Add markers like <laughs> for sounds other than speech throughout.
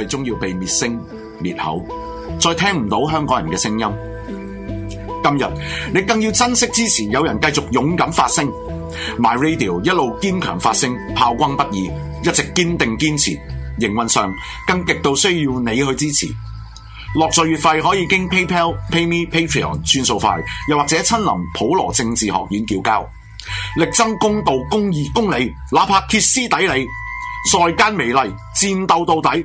最終要被滅聲滅口，再聽唔到香港人嘅聲音。今日你更要珍惜支持，有人繼續勇敢發聲，My Radio 一路堅強發聲，炮轟不已，一直堅定堅持。營運上更極度需要你去支持。落稅月費可以經 PayPal、PayMe、Patreon 轉數快，又或者親臨普羅政治學院叫交，力爭公道、公義、公理，哪怕歇斯底里，在間美麗戰鬥到底。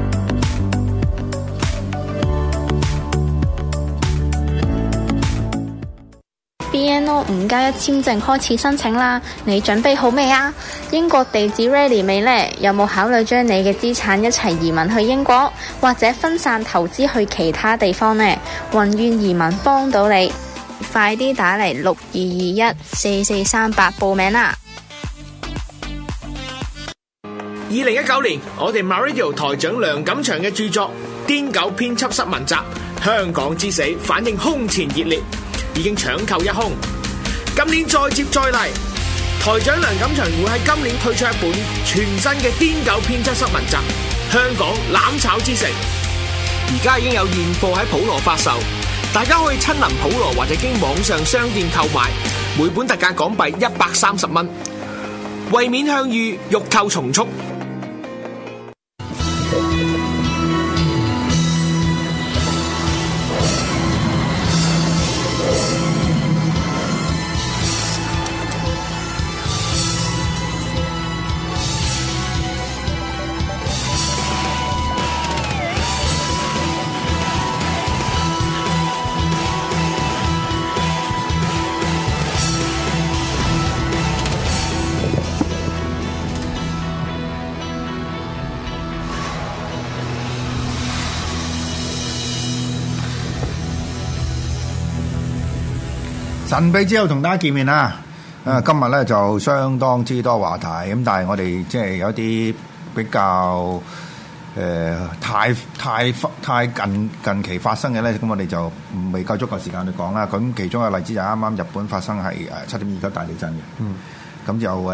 五加一簽證開始申請啦，你準備好未啊？英國地址 ready 未呢？有冇考慮將你嘅資產一齊移民去英國，或者分散投資去其他地方呢？宏願移民幫到你，快啲打嚟六二二一四四三八報名啦！二零一九年，我哋 MyRadio 台長梁錦祥嘅著作《癲狗編輯失文集》，香港之死反應空前熱烈，已經搶購一空。今年再接再厲，台長梁錦祥會喺今年推出一本全新嘅癲狗編輯室文集《香港攬炒之城》，而家已經有現貨喺普羅發售，大家可以親臨普羅或者經網上商店購買，每本特價港幣一百三十蚊，為免向隅欲購從速。神秘之夜同大家見面啦，啊，今日咧就相當之多話題，咁但係我哋即係有啲比較誒太太發太近近期發生嘅咧，咁我哋就未夠足夠時間去講啦。咁其中嘅例子就啱啱日本發生係誒七點二級大地震嘅，嗯，咁就誒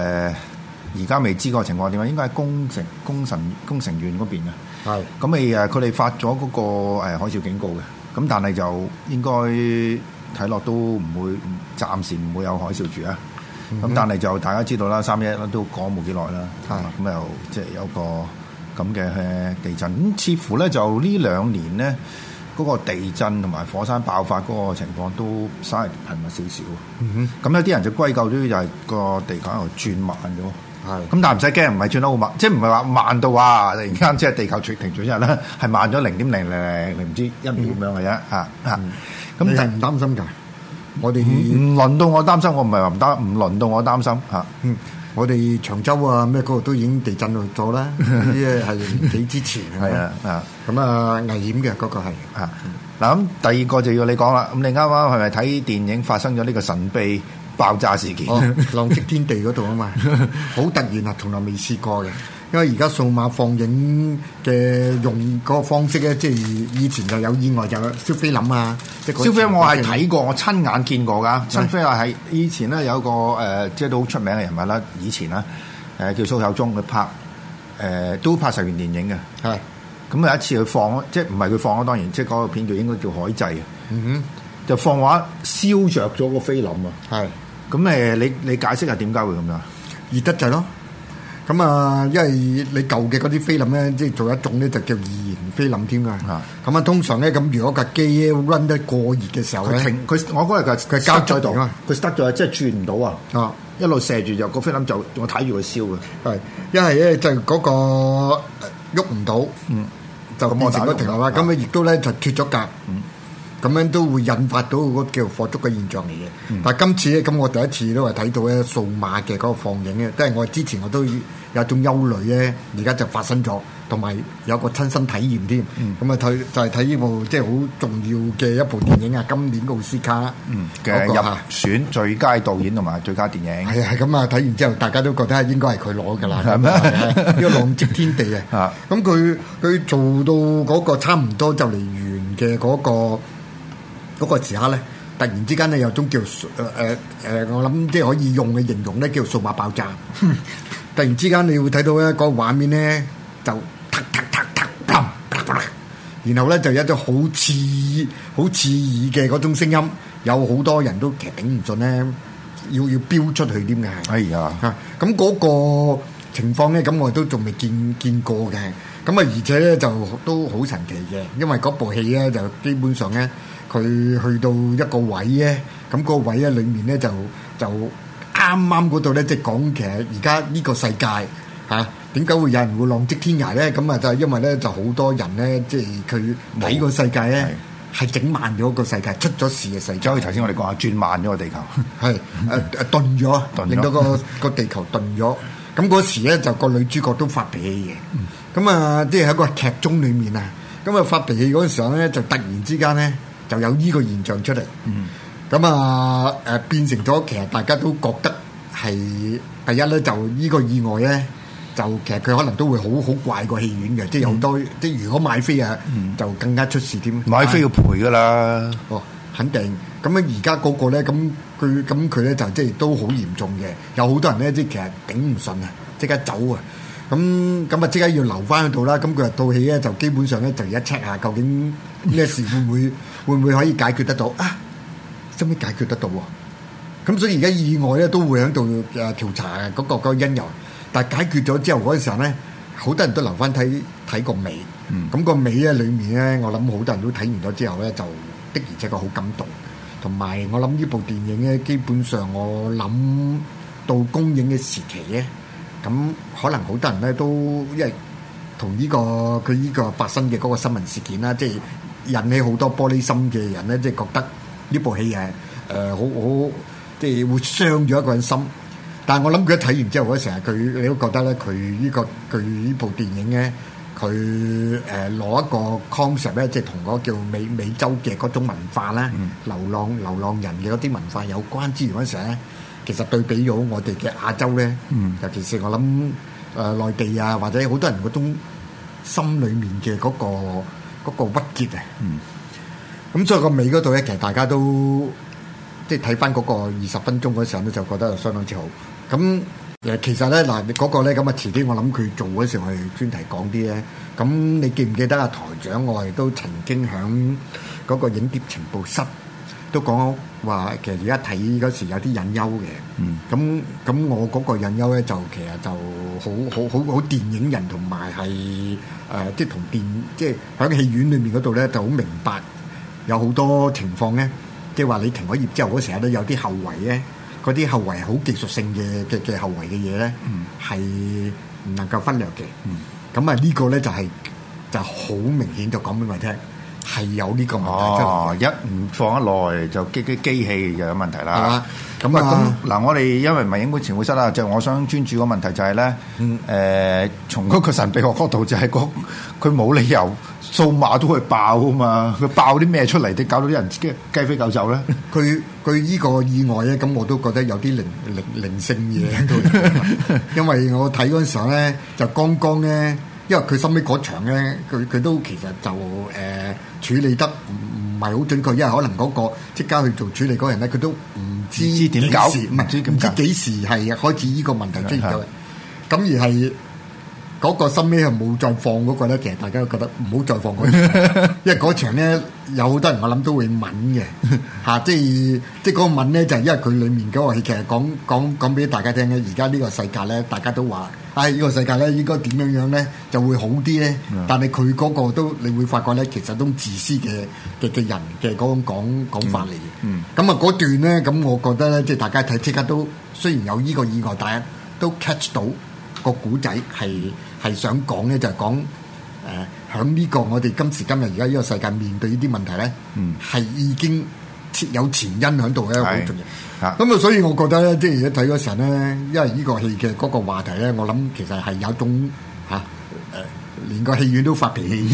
而家未知個情況點樣，應該係工程工程工程員嗰邊啊，係，咁誒佢哋發咗嗰個誒海嘯警告嘅，咁但係就應該。睇落都唔會，暫時唔會有海嘯住啊！咁、嗯、哼但係就大家知道啦，三、嗯、哼一都講冇幾耐啦，咁又即係有個咁嘅地震，咁似乎咧就呢兩年咧嗰、那個地震同埋火山爆發嗰個情況都稍微頻密少少。咁、嗯、哼有啲人就歸咎於就係、是、個地球喺度轉慢咗。咁但係唔使驚，唔係轉得好慢，即係唔係話慢到啊！突然間即係地球停住一日咧，係 <laughs> 慢咗零點零零零唔知一秒咁樣嘅啫嚇嚇。咁那你係唔擔心㗎？我哋唔輪到我擔心，我唔係話唔擔，唔輪到我擔心嚇。嗯嗯、我哋長洲啊咩嗰個都已經地震咗啦，呢啲係幾之前係啊 <laughs> 啊！咁啊危險嘅嗰、那個係。嗱咁第二個就要你講啦。咁你啱啱係咪睇電影發生咗呢個神秘？爆炸事件，oh, 浪跡天地嗰度啊嘛，好 <laughs> 突然啊，從來未試過嘅。 <laughs> 因為而家數碼放映嘅用嗰個方式咧，即係以前就有意外，就有燒菲林啊。燒菲林我係睇過，嗯、我親眼見過㗎。燒菲林啊，係以前咧有個誒、呃，即係都好出名嘅人物啦。以前啦，誒、呃、叫蘇有忠佢拍，誒、呃、都拍十元電影嘅。係咁有一次佢放，即係唔係佢放啊？當然，即係嗰個片叫應該叫海祭啊。哼、嗯， <laughs> 就放畫燒着咗個菲林啊。係。咁誒，你你解釋下點解會咁樣？熱得滯咯。咁啊，因為你舊嘅嗰啲菲林咧，即係做一種咧，就叫易燃菲林添㗎。咁啊，通常咧，咁如果架機 run 得過熱嘅時候咧，佢停，佢我嗰日佢佢塞喺度，佢塞在即係轉唔到啊。啊，一路射住就個菲林就我睇住佢燒嘅。係，因為咧就嗰個喐唔到，嗯，就變成咁停係啦。咁啊，亦都咧就脫咗格，嗯。咁樣都會引發到嗰個叫火燭嘅現象嚟嘅。嗯、但係今次咧，咁我第一次都係睇到咧數碼嘅嗰個放映嘅，都係我之前我都有一種憂慮咧，而家就發生咗，同埋有個親身體驗添。咁啊，睇就係睇呢部即係好重要嘅一部電影啊！今年奧斯卡嗰、嗯嗰個入選最佳導演同埋最佳電影係啊，係咁啊！睇完之後大家都覺得應該係佢攞㗎啦。呢嗎、啊呢個浪跡天地啊！咁佢佢做到嗰個差唔多就嚟完嘅嗰個、嗰個嗰個時刻咧，突然之間咧有種叫誒誒誒，我諗即係可以用嘅形容咧叫數碼爆炸。突然之間，你會睇到咧個畫面咧，就砰砰砰砰，然後咧就有一種好刺耳、好刺耳嘅嗰種聲音，有好多人都其實頂唔順咧，要要飆出去啲嘅。哎呀！嚇，咁嗰個情況咧，咁我哋都仲未見見過嘅。咁啊，而且咧就都好神奇嘅，因為嗰部戲咧就基本上咧。佢去到一個位咧，咁個位咧裏面咧就就啱啱嗰度咧，即係講其實而家呢個世界嚇點解會有人會浪跡天涯咧？咁啊就係因為咧就好多人咧，即係佢睇個世界咧係整慢咗個世界，出咗事嘅世界。即係頭先我哋講下轉慢咗個地球，係誒誒頓咗，令到個個地球頓咗。咁嗰時咧就個女主角都發脾氣嘅。咁啊， <laughs> 即係喺個劇中裡面啊，咁啊發脾氣嗰陣時咧，就突然之間咧～就有呢個現象出嚟，咁、嗯、啊誒、呃、變成咗，其實大家都覺得係第一咧，就呢個意外咧，就其實佢可能都會好好怪個戲院嘅，即係好多即係如果買飛啊，嗯、就更加出事添。買飛要賠㗎啦，哎、哦肯定。咁樣而家嗰個咧，咁佢咁佢咧就即係都好嚴重嘅，有好多人咧即係其實頂唔順啊，即刻走啊！咁咁啊！即刻要留翻喺度啦。咁佢日到戲咧就基本上咧就一 check 下究竟咩事會唔會 <laughs> 會唔會可以解決得到啊？使唔使解決得到喎、啊？咁所以而家意外咧都會喺度誒調查嗰、嗰個嗰個因由。但解決咗之後嗰陣時候咧，好多人都留翻睇睇個尾。咁個尾咧裡面咧，我諗好多人都睇完咗之後咧，就的而且確好感動。同埋我諗呢部電影咧，基本上我諗到公映嘅時期咧。咁可能好多人咧都因為同呢、這個佢呢個發生嘅嗰個新聞事件啦，即係引起好多玻璃心嘅人咧，即係覺得呢部戲啊，誒、呃、好好即係會傷咗一個人心。但係我諗佢一睇完之後，嗰陣時佢你都覺得咧、這個，佢呢個佢呢部電影咧，佢誒攞一個 concept 咧，即係同嗰個叫美美洲嘅嗰種文化啦、嗯，流浪流浪人嘅嗰啲文化有關之餘，嗰陣時咧。其實對比咗我哋嘅亞洲咧，嗯、尤其是我諗誒、呃、內地啊，或者好多人嗰種心裡面嘅嗰、嗰個嗰、嗰個鬱結咁、啊嗯嗯、所以個尾嗰度咧，其實大家都即係睇翻嗰個二十分鐘嗰時候咧，就覺得相當之好。咁誒其實咧嗱，嗰、嗰個咧咁啊遲啲我諗佢做嗰時我哋專題講啲咧。咁你記唔記得啊台長我哋都曾經響嗰個影碟情報室。都講話其實而家睇嗰時有啲隱憂嘅，咁咁我嗰個隱憂咧就其實就好好好好電影人同埋係誒即係同電即係喺戲院裏面嗰度咧就好明白有好多情況咧，即係話你停咗業之後，嗰時候都有啲後遺咧，嗰啲後遺好技術性嘅嘅嘅後遺嘅嘢咧，係唔能夠分量嘅。咁啊呢個咧就係就好明顯就講俾你聽。係有呢個問題。哦、啊，一唔放得耐就機機機器就有問題啦。咁啊咁嗱， <laughs> 我哋因為唔係應該前會室啦，就是、我想專注個問題就係、是、咧，誒、嗯呃，從嗰個神秘學角度就係講佢冇理由數碼都會爆啊嘛，佢爆啲咩出嚟啲，搞到啲人雞雞飛狗走咧。佢佢呢個意外咧，咁我都覺得有啲靈靈靈性嘢喺度， <laughs> 因為我睇嗰陣時咧就剛剛咧。因為佢心尾嗰場咧，佢佢都其實就誒、呃、處理得唔唔係好準確，因為可能嗰個即刻去做處理嗰人咧，佢都唔知點搞，唔知幾時係開始呢個問題出現咗，咁而係嗰個心尾係冇再放嗰個咧，其實大家都覺得唔好再放嗰、嗰場，因為嗰場咧有好多人我諗都會問嘅，嚇、啊，即係即係嗰個問咧就係、是、因為佢裡面嗰個戲其實講講講俾大家聽咧，而家呢個世界咧大家都話。喺呢、哎這個世界咧，應該點樣樣咧就會好啲咧。但係佢嗰個都，你會發覺咧，其實都自私嘅嘅嘅人嘅嗰種講講法嚟嘅。咁啊、嗯，嗰、嗯、段咧，咁我覺得咧，即係大家睇即刻都雖然有呢個意外，但係都 catch 到個古仔係係想講咧，就係講誒喺呢個我哋今時今日而家呢個世界面對呢啲問題咧，係、嗯、已經。有前因響度咧好重要，咁啊的、嗯，所以我覺得咧，即係而家睇嗰陣咧，因為呢個戲嘅嗰個話題咧，我諗其實係有一種吓。誒、啊。呃連個戲院都發脾氣，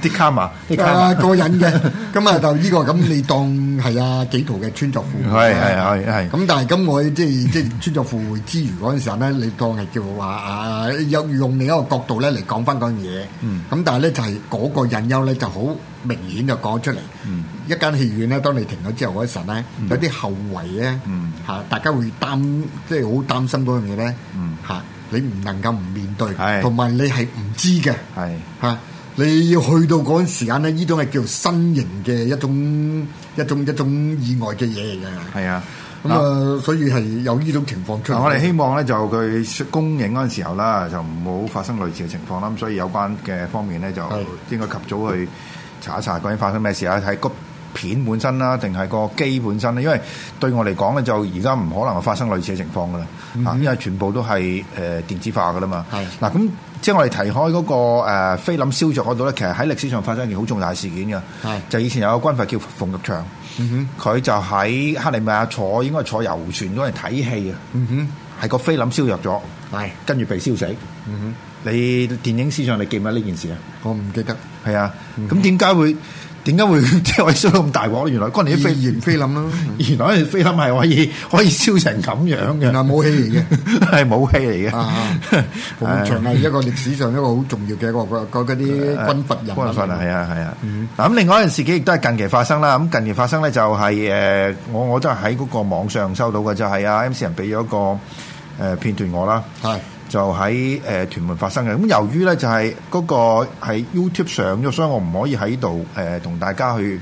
啲卡嘛，啲卡過癮嘅，咁啊 <laughs> 就呢、這個咁你當係啊幾套嘅穿著褲，係係係，咁但係咁我即係即係穿著褲會之餘嗰陣時候咧，你當係 <laughs> <laughs> 叫話啊有用另一個角度咧嚟講翻嗰樣嘢，咁、嗯、但係咧就係嗰個隱憂咧就好明顯就講出嚟，嗯、一間戲院咧當你停咗之後嗰陣咧，嗯、有啲後遺咧，嚇大家會擔即係好擔心嗰樣嘢咧，嚇、嗯。你唔能夠唔面對，同埋的你係唔知嘅嚇的、啊，你要去到嗰陣時間咧，呢種係叫做新型嘅一種一種一種意外嘅嘢嚟嘅。係的、嗯、啊，咁啊，所以係有呢種情況出嚟、啊、我哋希望咧就佢公映嗰陣時候啦，就唔好發生類似嘅情況啦。咁所以有關嘅方面咧就應該及早去查一查究竟發生咩事啊？喺谷片本身啦，定係個機本身咧，因為對我嚟講咧，就而家唔可能發生類似嘅情況噶啦，咁因為全部都係誒電子化噶啦嘛。係嗱，咁即係我哋提開嗰個菲林燒灼嗰度咧，其實喺歷史上發生一件好重大事件噶，係就以前有個軍閥叫馮玉祥，佢就喺克里米亞坐，應該坐遊船都度睇戲啊，係個菲林燒入咗，係跟住被燒死。你電影史上你記唔記得呢件事啊？我唔記得。係啊，咁點解會？點解會即係燒到咁大鑊咧？原來嗰年啲飛燃菲林啦，原來菲林係可以可以燒成咁樣嘅。啊，武器嚟嘅，係武器嚟嘅。啊，好長，係一個歷史上一個好重要嘅個個個嗰啲軍閥人啊。軍閥啊，係啊係啊。嗱，咁另外一件事嘅亦都係近期發生啦。咁近年發生咧就係誒，我我都係喺嗰個網上收到嘅，就係阿 M C 人俾咗一個誒片段我啦。係。就喺誒屯門發生嘅，咁由於咧就係嗰個喺 YouTube 上咗，所以我唔可以喺度誒同大家去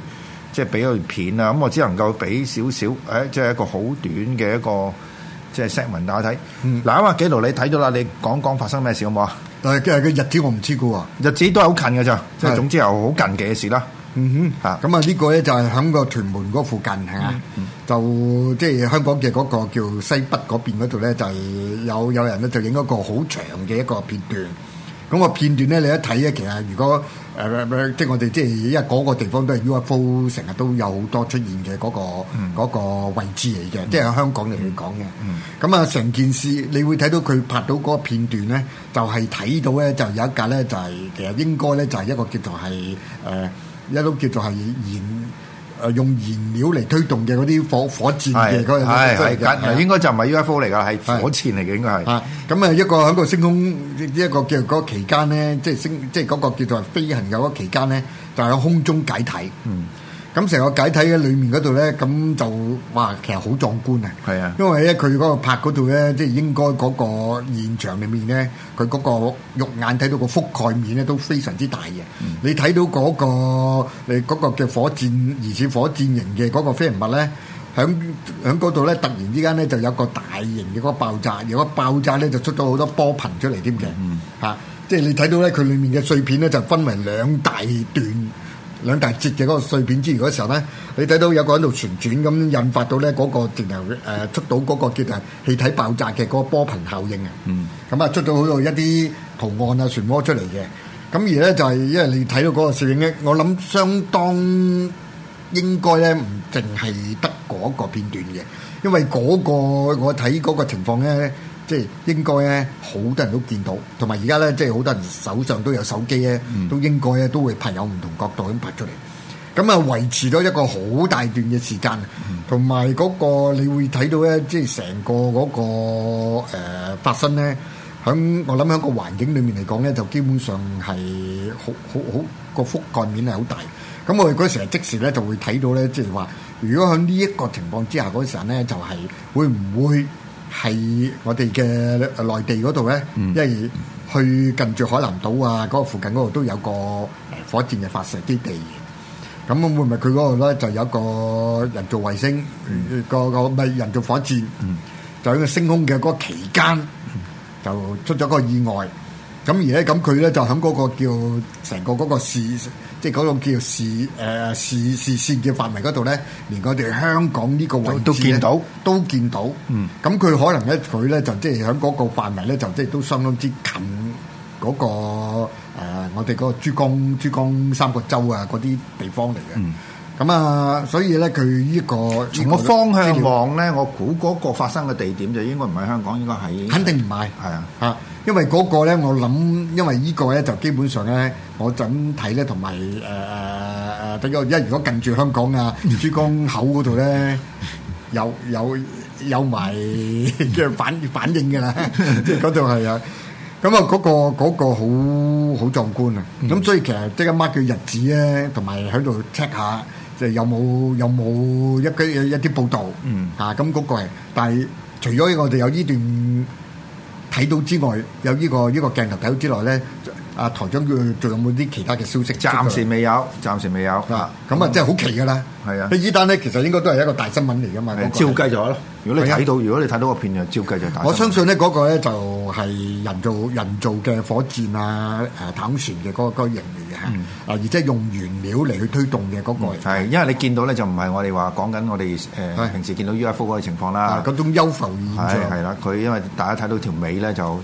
即係俾佢片啊，咁、嗯、我只能夠俾少少，誒即係一個好短嘅一個即係文大家睇。嗱、嗯，一百幾度你睇到啦，你講講發生咩事好冇啊？但係今日嘅日子我唔知嘅喎、啊，日子都係好近嘅咋，即係是總之又好近嘅事啦。嗯哼，嚇！咁啊，呢個咧就係喺個屯門嗰附近係啊，嗯、就即係、就是、香港嘅嗰個叫西北嗰邊嗰度咧，就係、是、有有人咧就影一個好長嘅一個片段。咁、那個片段咧，你一睇咧，其實如果誒、呃呃、即係我哋即係因為嗰個地方都係 UFO 成日都有好多出現嘅嗰、那個嗯、個位置嚟嘅，即係喺香港嚟講嘅。咁啊、嗯，成、嗯、件事你會睇到佢拍到嗰片段咧，就係、是、睇到咧，就有一架咧就係、是、其實應該咧就係一個叫做係誒。呃一種叫做係燃誒、呃、用燃料嚟推動嘅嗰啲火火箭嘅嗰樣都係應該就唔係 UFO 嚟㗎，係火箭嚟嘅應該係。咁啊是一個喺個星空一個叫嗰期間咧，即係星即係嗰個叫做飛行有一期間咧，就喺、是、空中解體。嗯咁成個解體嘅裏面嗰度咧，咁就哇，其實好壯觀啊！係啊，因為咧，佢嗰個拍嗰度咧，即係應該嗰個現場裏面咧，佢嗰個肉眼睇到個覆蓋面咧都非常之大嘅。嗯、你睇到嗰、嗰個你嗰個嘅火箭，疑似火箭型嘅嗰個飛行物咧，響響嗰度咧，突然之間咧就有個大型嘅嗰個爆炸，如果爆炸咧就出咗好多波頻出嚟添嘅。嚇、嗯啊，即係你睇到咧，佢裡面嘅碎片咧就分為兩大段。兩大截嘅嗰個碎片之餘，嗰時候咧，你睇到有個喺度旋轉咁，引發到咧、那、嗰個電流誒出到嗰個叫係氣體爆炸嘅嗰個波頻效應啊。嗯。咁啊，出到好多一啲圖案啊、漩渦出嚟嘅。咁而咧就係、是、因為你睇到嗰個攝影咧，我諗相當應該咧唔淨係得嗰個片段嘅，因為嗰、那個我睇嗰個情況咧。即係應該咧，好多人都見到，同埋而家咧，即係好多人手上都有手機咧，都應該咧都會拍有唔同角度咁拍出嚟。咁啊，維持咗一個好大段嘅時間，同埋嗰個你會睇到咧，即係成個嗰個誒發生咧，響我諗響個環境裡面嚟講咧，就基本上係好好好個覆蓋面係好大。咁我哋嗰時係即時咧就會睇到咧，即係話如果響呢一個情況之下嗰陣咧，就係會唔會？係我哋嘅內地嗰度咧，因為去近住海南島啊，嗰個附近嗰度都有個火箭嘅發射基地。咁會唔會佢嗰度咧就有個人造衛星，個個咪人造火箭，就喺個升空嘅嗰期間就出咗個意外。咁而咧，咁佢咧就喺嗰個叫成個嗰個市，即係嗰種叫市誒、呃、市市線嘅範圍嗰度咧，連我哋香港呢個位都見到，都見到。嗯。咁佢可能咧，佢咧就即係喺嗰個範圍咧，就即係都相當之近嗰、那個、呃、我哋嗰個珠江珠江三角洲啊嗰啲地方嚟嘅。咁、嗯、啊，所以咧、這個，佢呢個從個方向望咧，我估嗰個發生嘅地點就應該唔係香港，應該係。肯定唔係。係啊。嚇！因為嗰個咧，我諗，因為呢個咧就基本上咧，我準睇咧同埋誒誒誒，比較一如果近住香港啊珠江口嗰度咧，有有有埋嘅反反應嘅啦，即係嗰度係啊。咁啊，嗰個嗰個好好壯觀啊！咁所以其實即刻掹佢日子咧，同埋喺度 check 下，即係有冇有冇一啲一啲報道，嗯，嚇咁嗰個係。但係除咗我哋有呢段。睇到之外，有呢個呢個鏡頭睇到之外咧。啊，台長，仲仲有冇啲其他嘅消息？暫時未有，暫時未有。啊，咁啊，即係好奇噶啦。係啊，呢單咧其實應該都係一個大新聞嚟噶嘛。照計咗咯，如果你睇到，如果你睇到個片就照計就大。我相信呢嗰個咧，就係人造人造嘅火箭啊，誒坦船嘅嗰個型嚟嘅啊，而即係用原料嚟去推動嘅嗰個。係，因為你見到咧就唔係我哋話講緊我哋誒平時見到 UFO 嗰個情況啦。嗰種幽浮現象係係啦，佢因為大家睇到條尾咧就。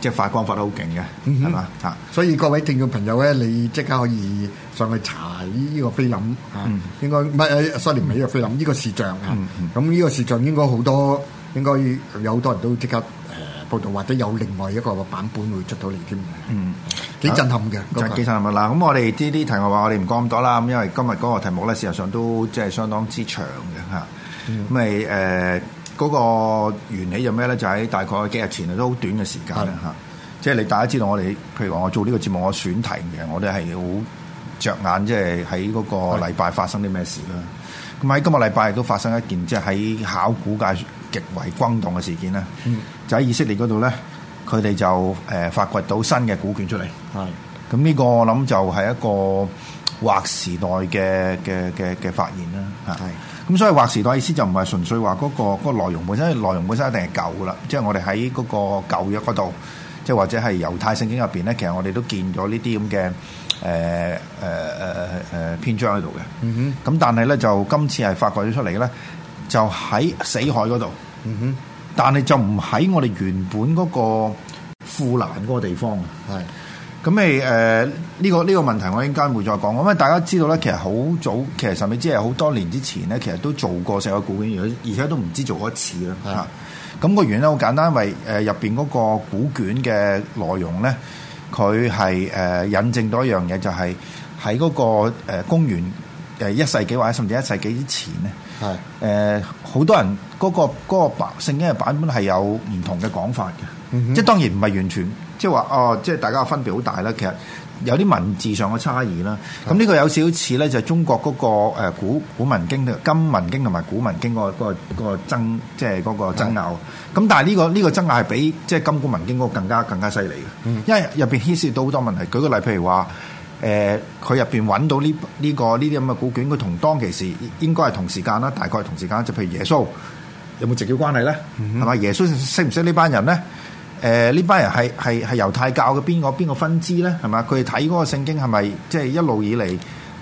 即係發光發得好勁嘅，係嘛啊？吧所以各位聽眾朋友咧，你即刻可以上去查呢個菲林、嗯、哼啊，應該唔係啊，sorry，唔係呢個菲林，呢個視像。咁呢、嗯、哼個視像應該好多，應該有好多人都即刻誒、呃、報道，或者有另外一個版本會出到嚟添。嗯哼，幾震撼嘅，真係幾震撼啦！咁我哋呢啲題外話，我哋唔講咁多啦。咁因為今日嗰個題目咧，事實上都即係相當之長嘅嚇。咁咪誒？嗯嗰個緣起就咩咧？就喺大概幾日前啊，都好短嘅時間啦嚇。即係你大家知道我，我哋譬如話我做呢個節目，我選題嘅我哋係好着眼，即係喺嗰個禮拜發生啲咩事啦。咁喺是今個禮拜亦都發生一件，即係喺考古界極為轟動嘅事件啦。嗯，就喺以色列嗰度咧，佢哋就誒發掘到新嘅古卷出嚟。係是，咁呢個我諗就係一個劃時代嘅嘅嘅嘅發現啦。係。咁所以話時代意思就唔係純粹話嗰個嗰個內容本身，內容本身一定係舊噶啦。即係我哋喺嗰個舊約嗰度，即係或者係猶太聖經入邊咧，其實我哋都見咗呢啲咁嘅誒誒誒誒篇章喺度嘅。咁、嗯、哼但係咧就今次係發掘咗出嚟咧，就喺死海嗰度。嗯、哼但係就唔喺我哋原本嗰個富蘭嗰個地方。係。咁咪呢個呢個問題，我應該會再講。因為大家知道咧，其實好早，其實甚至係好多年之前咧，其實都做過死海古卷，而而且都唔知做過一次啦嚇。咁的、嗯那個原因咧，好簡單，因為誒入邊嗰個古卷嘅內容咧，佢係誒引證到一樣嘢，就係喺嗰個公元誒一世紀或者甚至一世紀之前咧。係誒的，好、呃、多人嗰、那個嗰、那個聖經嘅、那個、版本係有唔同嘅講法嘅，嗯、哼即係當然唔係完全。即係話哦，即係大家分別好大啦。其實有啲文字上嘅差異啦。咁呢、嗯、個有少少似咧，就係中國嗰個誒古古文經嘅《今文經》同埋《古文經》嗰、那個嗰個嗰、嗰個嗰個爭，即係嗰個爭拗。咁但係呢個呢個爭拗係、嗯呢個呢個、比即係《今古文經》嗰個更加更加犀利嘅。因為入邊牽涉到好多問題。舉個例，譬如話誒，佢入邊揾到呢呢、呢個呢啲咁嘅古卷，佢同當其時應該係同時間啦，大概係同時間。就是、譬如耶穌有冇直接關係咧？係嘛、嗯？耶穌識唔識呢班人咧？誒呢、呃、班人係係係猶太教嘅邊個邊個分支咧？係嘛？佢哋睇嗰個聖經係咪即係一路以嚟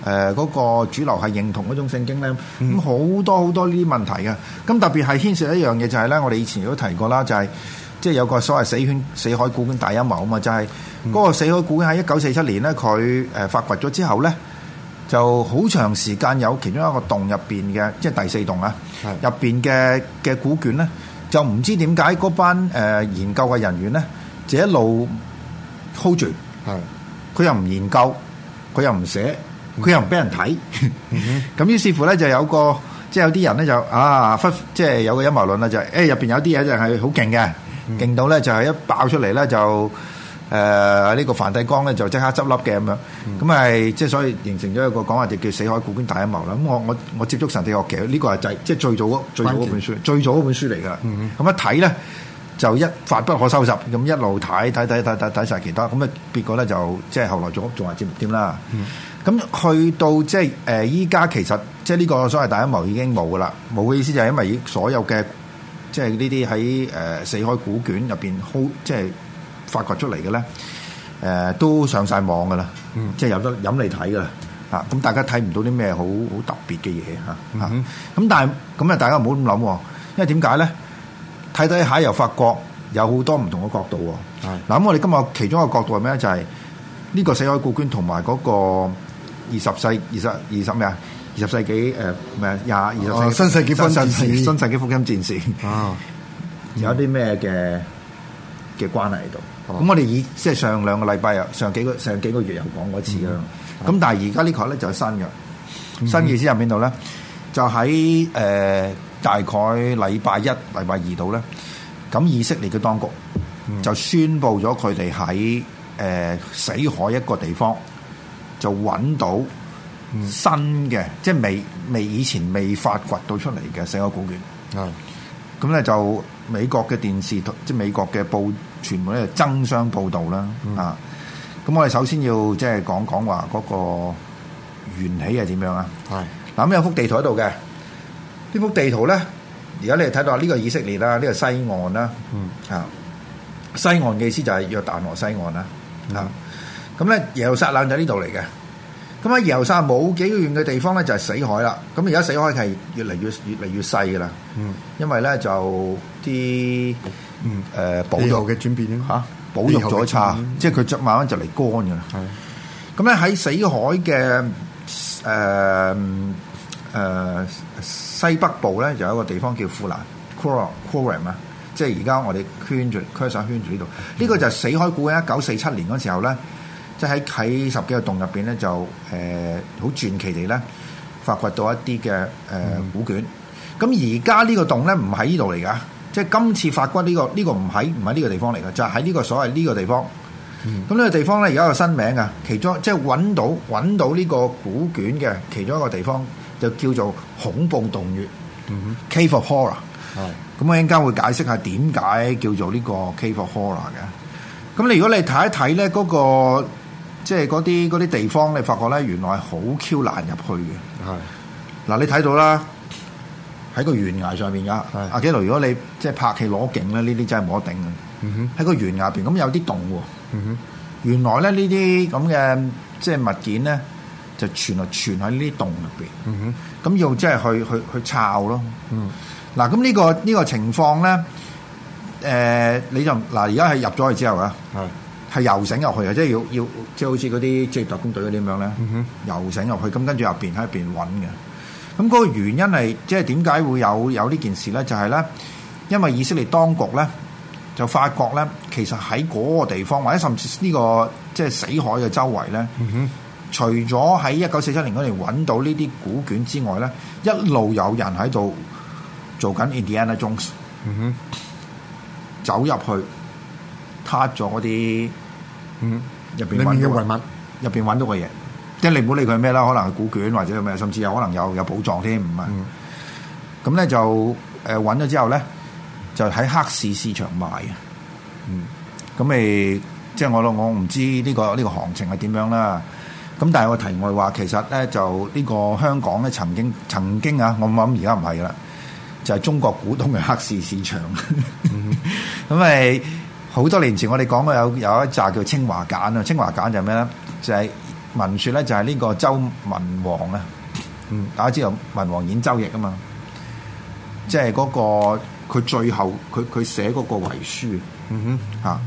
誒嗰個主流係認同嗰種聖經咧？咁好、嗯、多好多呢啲問題嘅。咁特別係牽涉一樣嘢就係咧，我哋以前都提過啦，就係即係有個所謂死圈死海古卷大陰謀啊嘛。就係、是、嗰個死海古卷喺一九四七年咧，佢誒發掘咗之後咧，就好長時間有其中一個洞入邊嘅，即、就、係、是、第四洞啊，入邊嘅嘅古卷咧。就唔知點解嗰班誒、呃、研究嘅人員咧，就一路 hold 住，係佢的又唔研究，佢又唔寫，佢、嗯、又唔俾人睇，咁、 <laughs> 嗯嗯、於是乎咧就有一個，即係有啲人咧就啊，忽即係有個陰謀論啦，就係誒入邊有啲嘢就係好勁嘅，勁、嗯、到咧就係一爆出嚟咧就。誒呢個梵蒂岡咧就即刻執笠嘅咁樣，咁係即係所以形成咗一個講話叫叫死海古卷大陰謀啦。咁我我我接觸神秘學嘅呢個係就即係最早嗰最早嗰本書，最早嗰本書嚟㗎。咁一睇咧就一發不可收拾，咁一路睇睇睇睇睇曬其他，咁啊別個咧就即係後來咗仲係接點啦。咁去到即係誒依家其實即係呢個所謂大陰謀已經冇㗎啦，冇嘅意思就係因為所有嘅即係呢啲喺誒死海古卷入邊即係。發掘出嚟嘅咧，誒、呃、都上晒網噶啦，嗯、即係有得飲嚟睇噶啦。啊，咁大家睇唔到啲咩好好特別嘅嘢嚇嚇。咁但係咁啊，大家唔好咁諗，因為點解咧？睇睇下又發覺有好多唔同嘅角度喎。嗱是的、啊，咁我哋今日其中一個角度係咩就係、是、呢個死海古卷同埋嗰個二十世二十二十咩啊？二十世紀誒咩廿二十世、哦、新世紀新世紀新世紀福音戰士、啊嗯、有啲咩嘅？啊嘅關係喺度，咁我哋以即係上兩個禮拜又上幾個上幾個月又講過一次啦，咁、嗯、但係而家呢個咧就係新嘅，嗯、新嘅意思喺邊度咧？就喺誒、呃、大概禮拜一、禮拜二度咧，咁以色列嘅當局就宣布咗佢哋喺誒死海一個地方就揾到新嘅，即係未未以前未發掘到出嚟嘅死海古卷。咁咧、嗯嗯、就美國嘅電視即係美國嘅報。全部咧爭相報道啦，啊！咁我哋首先要即係講講話嗰個緣起係點樣啊？係，嗱咁有幅地圖喺度嘅，呢幅地圖咧，而家你哋睇到啊，呢個以色列啦，呢個西岸啦，啊西岸嘅意思就係約旦河西岸啦，啊咁咧耶路撒冷就喺呢度嚟嘅，咁喺耶路撒冷冇幾個遠嘅地方咧就係死海啦，咁而家死海係越嚟越越嚟越細噶啦，嗯，因為咧就啲。嗯，誒、呃、保育嘅轉變嚇，啊、保育咗差，即係佢執慢慢就嚟乾噶啦。咁咧喺死海嘅誒誒西北部咧，就有一個地方叫富蘭 Qumran 啊，Qumran, Qumran，即係而家我哋圈住，圈上圈住呢度。呢、嗯、個就係死海古卷，一九四七年嗰時候咧，即係喺喺十幾個洞入邊咧，就誒好、呃、傳奇地咧，發掘到一啲嘅誒古卷。咁而家呢個洞咧，唔喺呢度嚟噶。即係今次發掘呢、呢個呢、呢個唔喺唔喺呢個地方嚟㗎，就喺呢個所謂呢個地方。咁、就、呢、是、個,個地方咧，而家、嗯、有個新名㗎。其中即係揾到揾到呢個古卷嘅其中一個地方，就叫做恐怖洞穴 Cave of Horror）。係是，咁我一陣間會解釋下點解叫做呢個 Cave of Horror 嘅。咁你如果你睇一睇咧，嗰、嗰個即係嗰啲嗰啲地方，你發覺咧原來係好 Q 難入去嘅。係嗱是，你睇到啦。喺個懸崖上邊㗎，阿紀陶，如果你即係拍戲攞景咧，呢啲真係冇得頂嘅。喺個懸崖邊，咁有啲洞喎。原來咧呢啲咁嘅即係物件咧，就全係存喺呢啲洞入邊。咁要即係去去去抄咯。嗱，咁呢個呢個情況咧，誒你就嗱而家係入咗去之後啊，係游繩入去啊，即係要要即係好似嗰啲即係職業特工隊嗰啲咁樣咧，游繩入去，咁跟住入邊喺入邊揾嘅。咁嗰個原因係，即係點解會有有呢件事咧？就係、是、咧，因為以色列當局咧就發覺咧，其實喺嗰個地方或者甚至呢、呢個即係死海嘅周圍咧，嗯、哼除咗喺一九四七年嗰年揾到呢啲古卷之外咧，一路有人喺度做緊 Indiana Jones，、嗯、哼走入去撻咗嗰啲，入邊揾到遺物，入邊揾到個嘢。即你唔好理佢係咩啦，可能係古卷或者係咩，甚至有可能有有寶藏添，唔係、嗯？咁咧、嗯、就誒揾咗之後咧，就喺黑市市場賣嘅。嗯，咁誒，即係我我唔知呢、這個呢、這個行情係點樣啦。咁但係我題外話，其實咧就呢個香港咧曾經曾經啊，我我諗而家唔係啦，就係、是、中國古董嘅黑市市場。咁 <laughs> 誒、嗯，好 <laughs> 多年前我哋講過有有一紮叫清華簡啊，清華簡就係咩咧？就係、是。文説咧就係呢個周文王啊，嗯，大家知道文王演周易啊嘛，即係嗰個佢最後佢佢寫嗰個遺書，嗯哼嚇，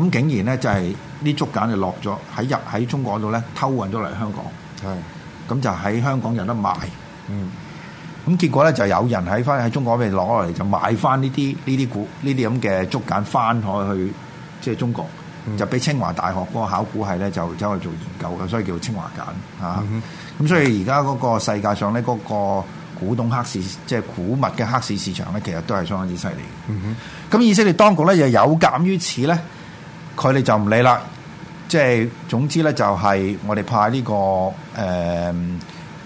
咁竟然咧就係啲竹簡就落咗喺入喺中國度咧偷運咗嚟香港，係，咁就喺香港有得賣，嗯，咁結果咧就有人喺翻喺中國咪攞落嚟就買翻呢啲呢啲股呢啲咁嘅竹簡翻海去即係中國。就俾清華大學嗰個考古系咧，就走去做研究嘅，所以叫做清華簡嚇。咁、啊嗯、哼所以而家嗰個世界上咧，嗰個古董黑市，即係古物嘅黑市市場咧，其實都係相當之犀利。咁以色列當局咧又有鑑於此咧，佢哋就唔理啦。即係總之咧、這個，就係我哋派呢個誒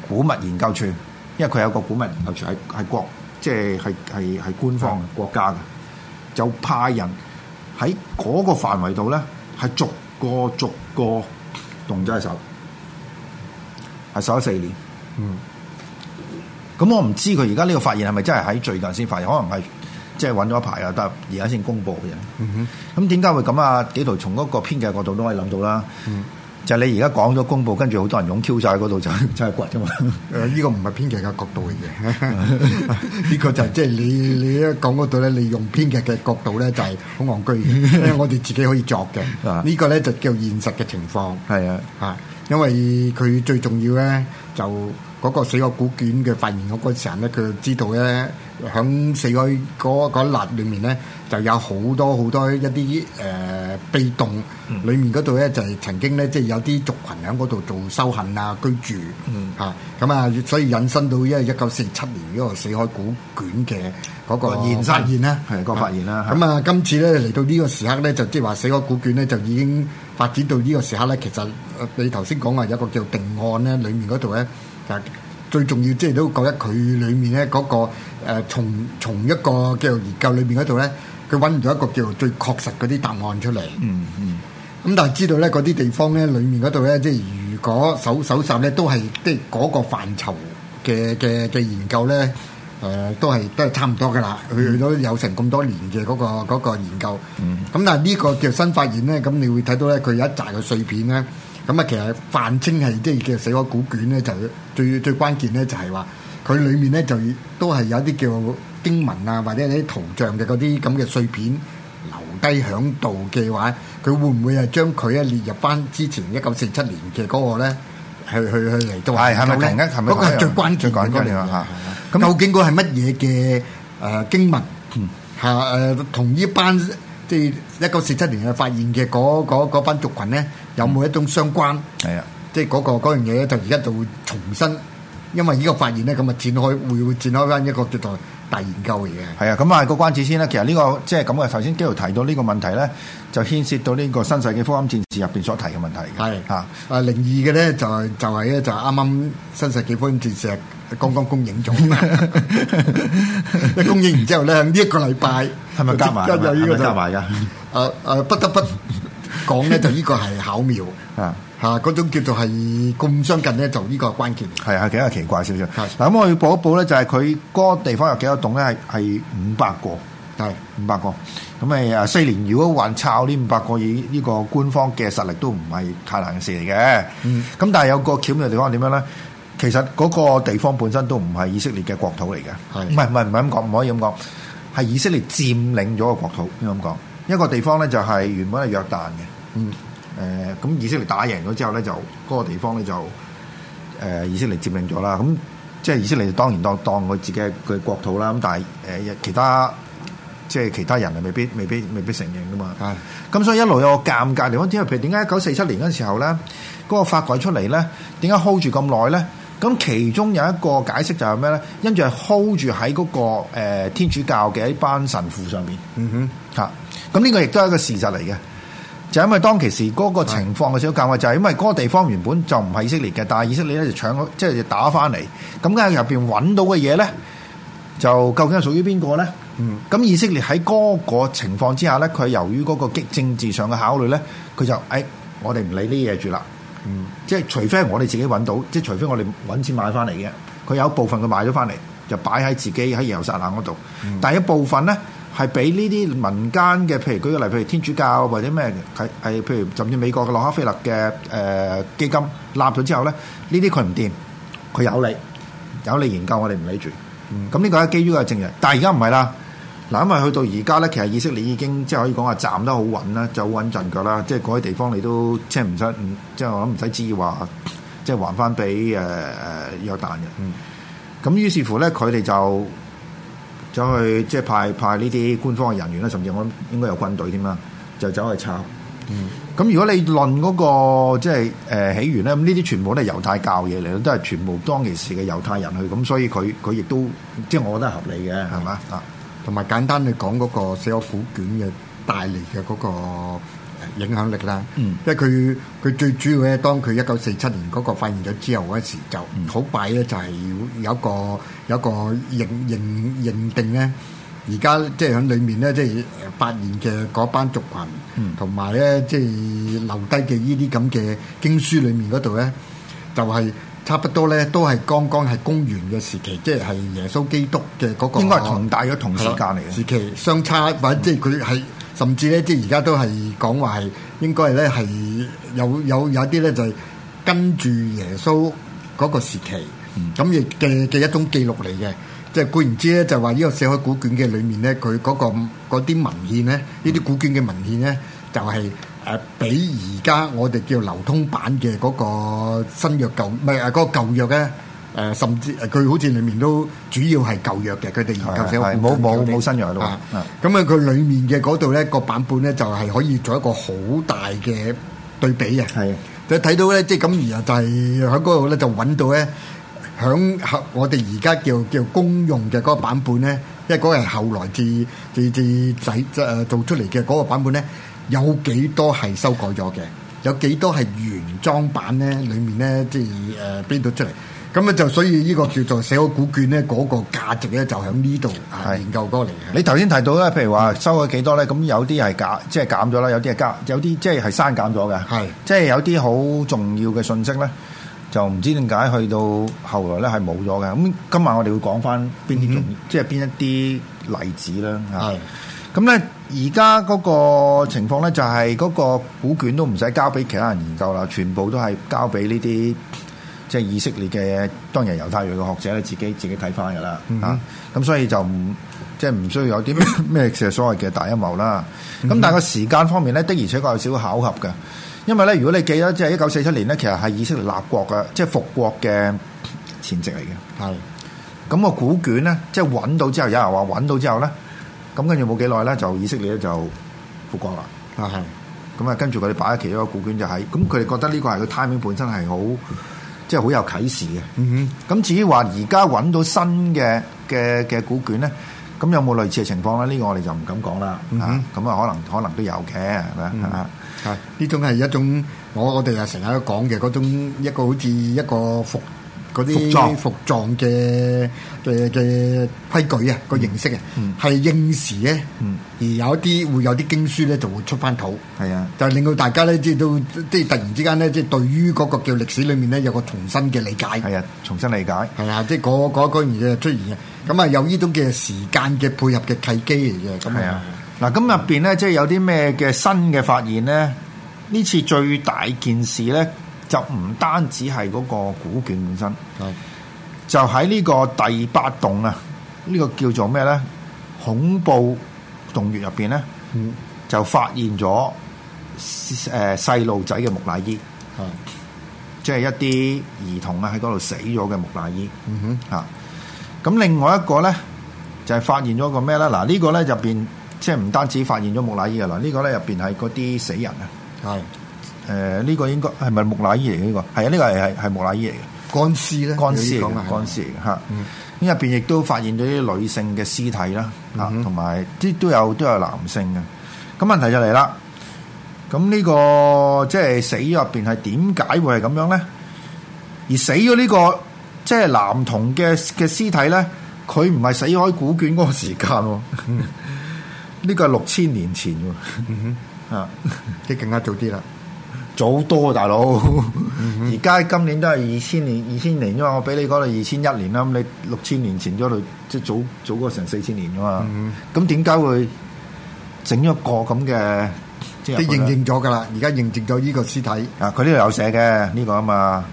古物研究處，因為佢有個古物研究處喺係國，即係係係係官方國家嘅，是就派人。喺嗰個範圍度咧，係逐個逐個動咗隻手，係守咗四年。嗯，咁我唔知佢而家呢個發現係咪真係喺最近先發現，可能係即係揾咗一排啊，但係而家先公佈嘅啫。嗯、哼，咁點解會咁啊？紀陶從嗰個編劇角度都可以諗到啦。嗯。就係你而家講咗公佈，跟住好多人用 Q 晒嗰度，就真係掘啫嘛。誒，呢個唔係編劇嘅角度嚟嘅，呢個就即係你你講嗰度咧，你用編劇嘅角度咧，就係好戇居，因為我哋自己可以作嘅。呢 <laughs> 個咧就叫現實嘅情況。係啊 <laughs> 的，嚇，因為佢最重要咧就是。嗰個《死海古卷》嘅發現嗰個時候咧，佢知道咧，響死海嗰立壘裏面咧，就有好多好多一啲誒、呃、被動，裏面嗰度咧就係曾經咧，即、就、係、是、有啲族群喺嗰度做修行啊、居住，嚇咁、嗯、啊，所以引申到一九四七年嗰個《死海古卷》嘅嗰個現實現啦，個發現啦。咁啊，今次咧嚟到呢個時刻咧，就即係話《死海古卷》咧就已經發展到呢個時刻咧，其實你頭先講話，有一個叫定案咧，裏面嗰度咧。就最重要，即係都覺得佢裏面咧、那、嗰個誒、呃，從從一個叫做研究裏面嗰度咧，佢搵唔到一個叫做最確實嗰啲答案出嚟、嗯。嗯嗯。咁但係知道咧，嗰啲地方咧，裏面嗰度咧，即係如果搜搜集咧，都係即係嗰個範疇嘅嘅嘅研究咧，誒，都係、嗯、都係差唔多噶啦。去到有成咁多年嘅嗰、嗰個嗰個研究。咁、嗯嗯、但係呢個叫新發現咧，咁你會睇到咧，佢有一紮嘅碎片咧。咁啊，其實《泛稱》係即係叫《死海古卷》咧，就最最關鍵咧，就係話佢裡面咧，就都係有啲叫經文啊，或者啲圖像嘅嗰啲咁嘅碎片留低響度嘅話，佢會唔會係將佢啊列入返之前一九四七年嘅嗰個咧？去去去嚟都話，係係咪同嘅？係咪講？嗰個最關鍵啊！咁究竟嗰係乜嘢嘅誒經文下誒同一班、就是、群群呢班即係一九四七年嘅發現嘅嗰班族群咧？有冇一種相關？係啊，即係嗰個嗰樣嘢咧，就而家就會重新，因為依個發現咧，咁啊展開會會展開翻一個叫做大研究嘅嘢。係啊，咁啊過關子先啦。其實呢個即係咁嘅。頭先紀陶提到呢個問題咧，就牽涉到呢個新世紀福音戰士入邊所提嘅問題。係啊，啊零二嘅咧就就係咧就啱啱新世紀福音戰士剛剛公映咗，一公映完之後咧呢一個禮拜係咪加埋？係咪加埋噶？啊啊不得不。講咧就呢個係巧妙的啊！嚇嗰種叫做係咁相近咧，就呢個關鍵係啊，幾奇怪少少。嗱咁的我要補一補咧，就係佢嗰個地方有幾多洞咧？係係五百個，係的五百個。咁咪啊四年，連如果還抄呢五百個，以呢個官方嘅實力，都唔係太難嘅事嚟嘅。咁、嗯、但係有個巧妙嘅地方係點樣咧？其實嗰個地方本身都唔係以色列嘅國土嚟嘅，唔係唔係唔係咁講，唔可以咁講，係以色列佔領咗個國土。咁樣講？一個地方咧就係原本係約旦嘅。嗯，誒、呃，咁以色列打贏咗之後咧，就嗰、那個地方咧就誒、呃、以色列佔領咗啦。咁、嗯、即係以色列當然當當佢自己嘅佢國土啦。咁但係誒、呃、其他即係其他人啊，未必未必未必承認噶嘛。咁唉所以一路有個尷尬地方，因為譬如點解一九四七年嗰陣時候咧，嗰、那個法改出嚟咧，點解 hold 住咁耐咧？咁其中有一個解釋就係咩咧？因住係 hold 住喺嗰個、呃、天主教嘅一班神父上面。嗯哼，嚇。咁呢、啊、個亦都係一個事實嚟嘅。就因為當其時嗰個情況嘅時候，教命，就係、是、因為嗰個地方原本就唔係以色列嘅，但係以色列咧就搶咗即係、就是、打翻嚟，咁梗係入邊揾到嘅嘢咧，就究竟係屬於邊個咧？嗯，咁以色列喺嗰個情況之下咧，佢係由於嗰個激政治上嘅考慮咧，佢就誒、哎、我哋唔理呢嘢住啦，嗯，即係除非我哋自己揾到，即係除非我哋揾錢買翻嚟嘅，佢有部分佢買咗翻嚟就擺喺自己喺耶路撒冷嗰度，但係一部分咧。係俾呢啲民間嘅，譬如舉個例，譬如天主教或者咩係係，譬如甚至美國嘅洛克菲勒嘅誒、呃、基金立咗之後咧，呢啲佢唔掂，佢有理、嗯、有理研究我理，我哋唔理住。嗯，咁呢個係基於一個證人，但係而家唔係啦。嗱，因為去到而家咧，其實以色列已經即係可以講話站得好穩啦，走好穩陣腳啦，即係嗰啲地方你都即係唔使，即係我諗唔使指意話，即係還翻俾誒誒約旦嘅。嗯，咁於是乎咧，佢哋就，走去即係派派呢啲官方嘅人員啦，甚至我諗應該有軍隊添啦，就走去抄。嗯，咁如果你論嗰、那個即係誒起源咧，咁呢啲全部都係猶太教嘢嚟，都係全部當其時嘅猶太人去，咁所以佢佢亦都即係、就是、我覺得係合理嘅，係嘛，嗯？吧啊，同埋簡單你講嗰個《死海古卷》嘅帶嚟嘅嗰個。影響力啦，因為佢佢最主要咧，當佢一九四七年嗰個發現咗之後嗰時，就好快咧，就係要有一個有一個認認認定咧。而家即係喺裡面咧，即係發現嘅嗰班族羣，同埋咧即係留低嘅依啲咁嘅經書裡面嗰度咧，就係差不多咧，都係剛剛係公元嘅時期，即係係耶穌基督嘅嗰個。應該係同大咗同時間嚟嘅時期，相差或者即係佢係。甚至咧，即係而家都係講話係應該咧，係有有有啲咧就係跟住耶穌嗰個時期，咁亦嘅嘅一種記錄嚟嘅。即係固然之咧，就話呢個死海古卷嘅裏面咧，佢嗰個嗰啲文獻咧，呢啲古卷嘅文獻咧，就係誒比而家我哋叫流通版嘅嗰個新約舊唔係啊嗰個舊約咧。誒，呃、甚至誒，佢好似裏面都主要係舊約嘅，佢哋研究少，冇冇冇新約咯。咁啊，佢裏面嘅嗰度咧，個版本咧就係可以做一個好大嘅對比嘅。係，即係睇到咧，即係咁而啊，就係喺嗰度咧，就揾到咧，響我哋而家叫叫公用嘅嗰個版本咧，因為嗰個係後來至至至仔誒做出嚟嘅嗰個版本咧，有幾多係修改咗嘅？有幾多係原裝版咧？裡面咧，即係誒邊度出嚟。呃呃呃呃呃咁啊，就所以呢個叫做死海古卷咧，嗰個價值咧就喺呢度啊，研究過嚟。你頭先提到咧，譬如話收咗幾多咧，咁有啲係減，即係減咗啦；有啲係加，有啲是即係係刪減咗嘅。係，即係有啲好重要嘅信息咧，就唔知點解去到後來咧係冇咗嘅。咁今晚我哋會講翻邊啲重要，即係邊一啲例子啦。係是。咁咧是，而家嗰個情況咧，就係、是、嗰個古卷都唔使交俾其他人研究啦，全部都係交俾呢啲。即係以色列嘅，當然猶太裔嘅學者咧，自己自己睇翻㗎啦嚇。咁、mm hmm. 啊、所以就即係唔需要有啲咩嘅所謂嘅大陰謀啦。咁、mm hmm. 但係個時間方面咧，的而且確有少少巧合嘅。因為咧，如果你記得即係一九四七年咧，其實係以色列立國嘅，即係復國嘅前夕嚟嘅。係、mm。咁、hmm. 嗯咁個古卷咧，即係揾到之後，有人話揾到之後咧，咁跟住冇幾耐咧，就以色列咧就復國啦。啊係、mm。咁、hmm. 啊、嗯，跟住佢哋擺喺其中一個古卷就喺，咁佢哋覺得呢個係個 timing 本身係好。即係好有啟示嘅，咁、嗯、哼至於話而家揾到新嘅嘅嘅古卷咧，咁有冇類似嘅情況咧？呢、這個我哋就唔敢講啦，嚇、嗯哼，咁啊可能可能都有嘅，係咪啊？係呢吧是種係一種，我我哋啊成日都講嘅嗰種一個好似一個服。嗰啲服裝嘅嘅嘅規矩啊，個、嗯、形式啊，係應時咧，而有一啲、嗯、會有啲經書咧，就會出翻土。係啊，就令到大家咧，即係都即係突然之間咧，即係對於嗰個叫歷史裏面咧，有個重新嘅理解。係啊，重新理解。係啊，即係嗰嗰嗰樣嘢出現嘅。咁啊，有呢種嘅時間嘅配合嘅契機嚟嘅。咁啊，嗱，咁入邊咧，即係有啲咩嘅新嘅發現咧？呢次最大件事咧？就唔單止係嗰個古卷本身，嗯、就喺呢個第八棟啊，呢、呢個叫做咩咧？恐怖洞穴入邊咧，嗯、就發現咗誒細路仔嘅木乃伊，即係是的 一啲兒童啊喺嗰度死咗嘅木乃伊。嗯哼、啊，吓咁另外一個咧就係、是、發現咗個咩咧？嗱呢、呢個咧入邊即係唔單止發現咗木乃伊啊，嗱、這、呢個咧入邊係嗰啲死人啊，係。誒，呢、呃這個應該係咪木乃伊嚟嘅呢個？係啊，呢個係係係木乃伊嚟嘅。乾屍咧，乾屍嚟嘅，乾屍嚟嘅吓。咁入邊亦都發現咗啲女性嘅屍體啦，同埋啲都有都有男性嘅。咁問題就嚟啦，咁、這個、呢個即係死入邊係點解會係咁樣咧？而死咗呢、這個即係男童嘅嘅屍體咧，佢唔係死海古卷嗰個時間，呢、啊、 <laughs> 個係六千年前嘅，啊，即係更加早啲啦。好多啊，大佬！而 <laughs> 家今年都係二千年，二千年啫嘛。我俾你講到二千一年啦，咁你六千年前嗰度，即係早早過成四千年啊，這個，嘛。咁點解會整一個咁嘅？即係認證咗噶啦，而家認證咗呢個屍體啊。佢呢度有寫嘅呢個啊嘛，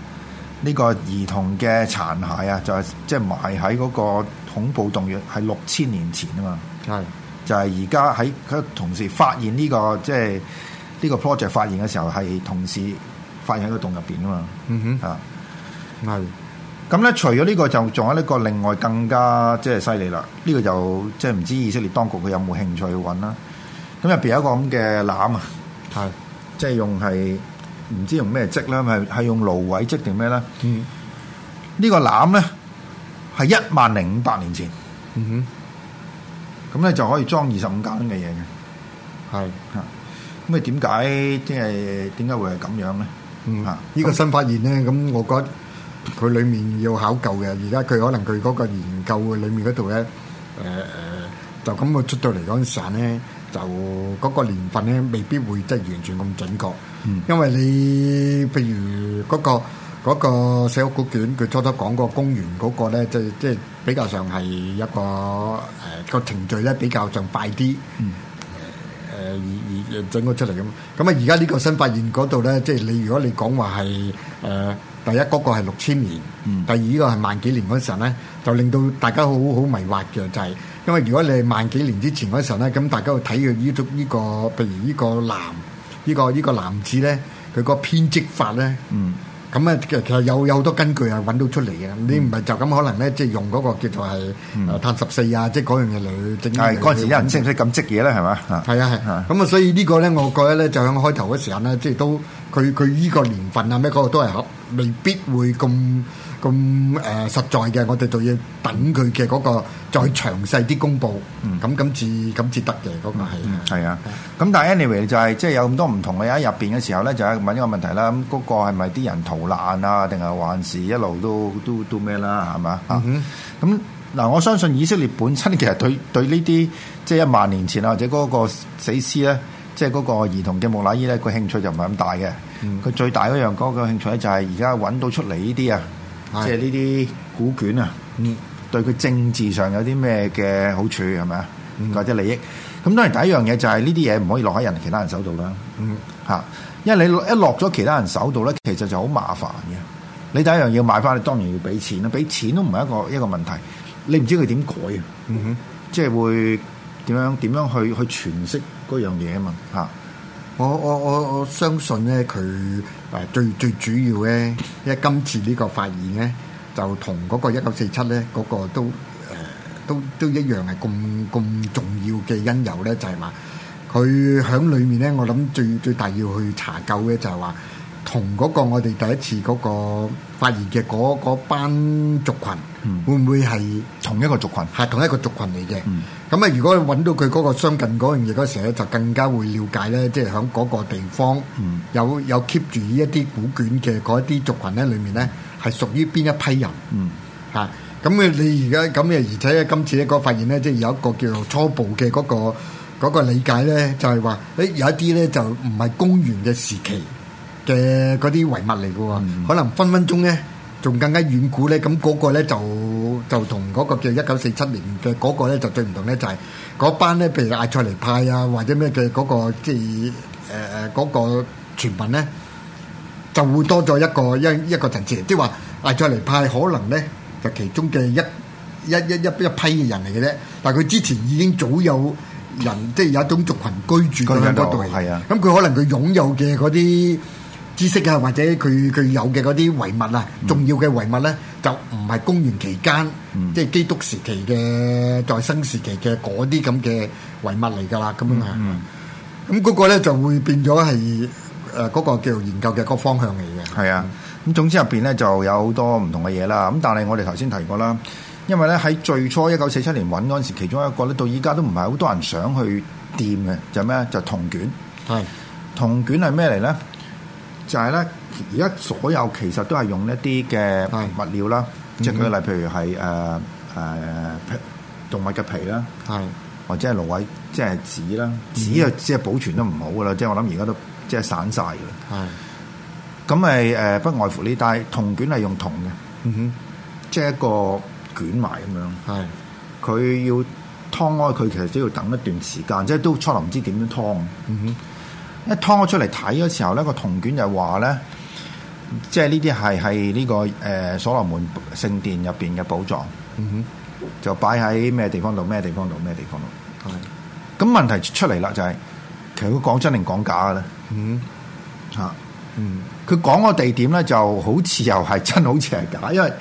呢個兒童嘅殘骸啊，就係即係埋喺嗰個恐怖洞穴，係六千年前啊嘛。係的就係而家喺佢同時發現呢、這個即係。就是呢個 project 發現嘅時候係同時發現喺個洞入邊啊嘛，嗯哼，啊，係。咁咧除咗呢個，就仲有呢個另外更加即係犀利啦。呢個就即係唔知以色列當局佢有冇興趣去揾啦。咁入邊有一個咁嘅籃啊，係，即係用係唔知用咩織啦，係係用蘆葦織定咩咧？嗯，呢個籃咧係一萬零五百年前，嗯哼，咁咧就可以裝二十五公斤嘅嘢嘅，係啊。咁啊？點解即係點解會係咁樣咧？嗯啊！依、這個新發現咧，咁我覺得佢裏面要考究嘅。而家佢可能佢嗰個研究嘅裏面嗰度咧，誒誒、呃呃，就咁佢出到嚟嗰陣時咧，就嗰個年份咧，未必會即係完全咁準確。嗯、因為你譬如嗰、那個死海、那個、古卷》，佢初初講、那個公元嗰個咧，即係即係比較上係一個誒個、呃、程序咧，比較上快啲。嗯。誒，而整咗出嚟咁，咁、呃、啊，而家呢個新發現嗰度咧，即係你如果你講話係誒第一嗰、那個係六千年，嗯、第二個係萬幾年嗰陣咧，就令到大家好好迷惑嘅，就係、是、因為如果你係萬幾年之前嗰陣咧，咁大家去睇佢呢種呢個，譬如呢個男，呢、這個呢、這個男子咧，佢個編織法咧。嗯咁啊，其實有好多根據啊，揾到出嚟嘅。嗯、你唔係就咁可能咧，即係用嗰個叫做係碳十四啊，嗯、即係嗰樣嘢嚟、嗯、整。係嗰陣時有人識唔識咁積嘢咧？係嘛。係 <laughs> 啊係。咁啊、 <laughs> 嗯，所以個呢個咧，我覺得咧，就喺開頭嘅時間咧，即係都佢佢依個年份啊，咩、那、嗰個都係未必會咁。咁誒、嗯呃、實在嘅，我哋就要等佢嘅嗰個再詳細啲公佈，咁咁至咁至得嘅嗰個係。係啊，咁但係 anyway 就係即係有咁多唔同嘅喺入邊嘅時候咧，就係問一個問題啦。咁、那、嗰個係咪啲人逃難啊，定係還是一路都都都咩啦？係咪啊？咁嗱、嗯哼，我相信以色列本身其實對對呢啲即係一萬年前啊，或者嗰個死屍咧，即係嗰個兒童嘅木乃伊咧，興嗯、個興趣就唔係咁大嘅。佢最大嗰樣嗰個興趣咧，就係而家揾到出嚟呢啲啊。即係呢啲古卷啊，嗯，對佢政治上有啲咩嘅好處係咪啊？是是嗯、或者利益？咁當然第一樣嘢就係呢啲嘢唔可以落喺人其他人手度啦。嗯，吓，因為你一落咗其他人手度咧，其實就好麻煩嘅。你第一樣要買翻，你當然要俾錢啦，俾錢都唔係一個一個問題。你唔知佢點改啊？哼、嗯，嗯、即係會點樣點樣去去詮釋嗰樣嘢啊嘛？吓。我我我我相信咧，佢誒最最主要咧，因為今次呢個發現咧，就同嗰個一九四七咧嗰個都誒、呃、都都一樣係咁咁重要嘅因由咧，就係話佢響裏面咧，我諗最最大要去查究嘅就係話，同嗰個我哋第一次嗰個發現嘅嗰班族群，會唔會係同一個族群？係、嗯、同一個族群嚟嘅。嗯。咁啊！如果揾到佢嗰個相近嗰樣嘢嗰時咧，就更加會了解咧，即係喺嗰個地方、嗯、有有 keep 住一啲古卷嘅嗰啲族群咧，裏面咧係屬於邊一批人？嚇、嗯！咁啊，你而家咁嘅，而且今次咧個發現咧，即係有一個叫做初步嘅嗰個嗰個理解咧，就係話誒有一啲咧就唔係公元嘅時期嘅嗰啲遺物嚟嘅喎，嗯、可能分分鐘咧。仲更加遠古咧，咁、那、嗰個咧就就同嗰個叫一九四七年嘅嗰個咧就最唔同咧，就係嗰班咧，譬如阿塞尼派啊，或者咩嘅嗰個即係誒誒嗰個傳聞咧，就會多咗一個一一個層次，即係話阿塞尼派可能咧就是、其中嘅一一一一一,一批嘅人嚟嘅咧，但係佢之前已經早有人即係、就是、有一種族群居住喺嗰度，係啊，咁佢可能佢擁有嘅嗰啲。知識啊，或者佢佢有嘅嗰啲遺物啊，嗯、重要嘅遺物咧，就唔係公元期間，嗯、即係基督時期嘅再生時期嘅嗰啲咁嘅遺物嚟噶啦，咁啊，咁嗰、嗯嗯、個咧就會變咗係誒嗰個叫研究嘅一個方向嚟嘅。係啊，咁總之入邊咧就有好多唔同嘅嘢啦。咁但係我哋頭先提過啦，因為咧喺最初一九四七年揾嗰陣時，其中一個咧到依家都唔係好多人想去掂嘅，就咩、係、咧？就係、銅卷，係嘅。銅卷係咩嚟咧？就係咧，而家所有其實都係用一啲嘅物料啦，的即係佢例譬如係誒誒皮動物嘅皮啦，的或者係蘆葦，即係紙啦，紙又即係保存得唔好噶啦，即係我諗而家都即係散曬嘅。係的，咁咪誒不外乎呢？但係銅卷係用銅嘅，哼的，即係一個捲埋咁樣。係的，佢要劏開，佢其實都要等一段時間，即係都初頭唔知點樣劏。哼。嗯一拖我出嚟睇嘅時候咧，個銅卷就話咧，即係呢啲係喺呢個誒、呃、所羅門聖殿入邊嘅寶藏，嗯嗯、mm，hmm. 就擺喺咩地方度？咩地方度？咩地方度？咁 Okay. 問題出嚟啦、就是，就係其實佢講真定講假嘅咧，嗯嚇、mm hmm. 啊，嗯，佢講個地點咧就好似又係真，好似係假，因為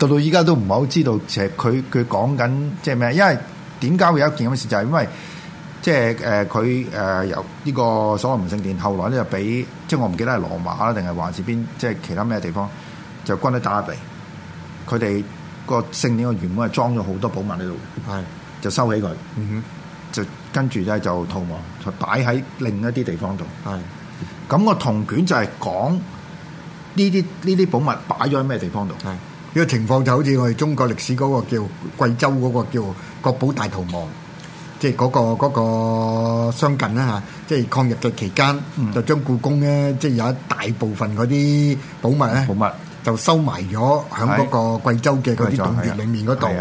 到到依家都唔係好知道，其實佢佢講緊即係咩？因為點解會有一件咁嘅事？就係、是、因為。即係誒佢誒由呢個所謂吳聖殿，後來咧就俾即係我唔記得係羅馬啦，定係還是邊即係其他咩地方就關咗打入嚟。佢哋個聖殿個原本係裝咗好多寶物喺度，係是就收起佢，嗯、哼，就跟住咧就逃亡，就擺喺另一啲地方度。係咁是個銅卷就係講呢啲呢啲寶物擺咗喺咩地方度？係呢是個情況就好似我哋中國歷史嗰個叫貴州嗰個叫國寶大逃亡。即係嗰個嗰個相近啦嚇，即係抗日嘅期間，就將故宮咧，即係有一大部分嗰啲寶物咧，就收埋咗喺嗰個貴州嘅嗰啲洞穴裡面嗰度嚇。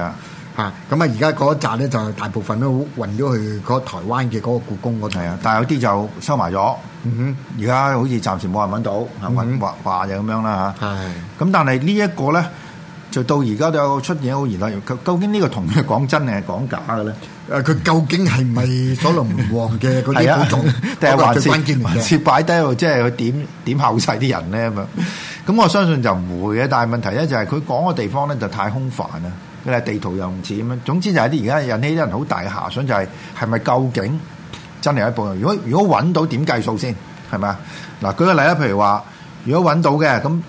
咁啊，而家嗰一紮咧就大部分都運咗去嗰個台灣嘅嗰個故宮嗰度。係啊，但係有啲就收埋咗。嗯哼，而家好似暫時冇人搵到，搵話話就咁樣啦嚇。係。咁但係呢一個咧？就到而家都有出現好疑難，究究竟呢個同佢講真定係講假嘅咧？誒，佢究竟係唔係所羅門王嘅嗰啲古董，定係話擺低喎？即係佢點點後世啲人咧咁樣？咁我相信就唔會嘅，但係問題咧就係佢講嘅地方咧就太空泛啦，佢地圖又唔似咁樣。總之就係啲而家引起啲人好大嘅遐想，就係係咪究竟真係一部？如果如果揾到點計數先係咪啊？嗱，舉個例啦，譬如話如果揾到嘅咁。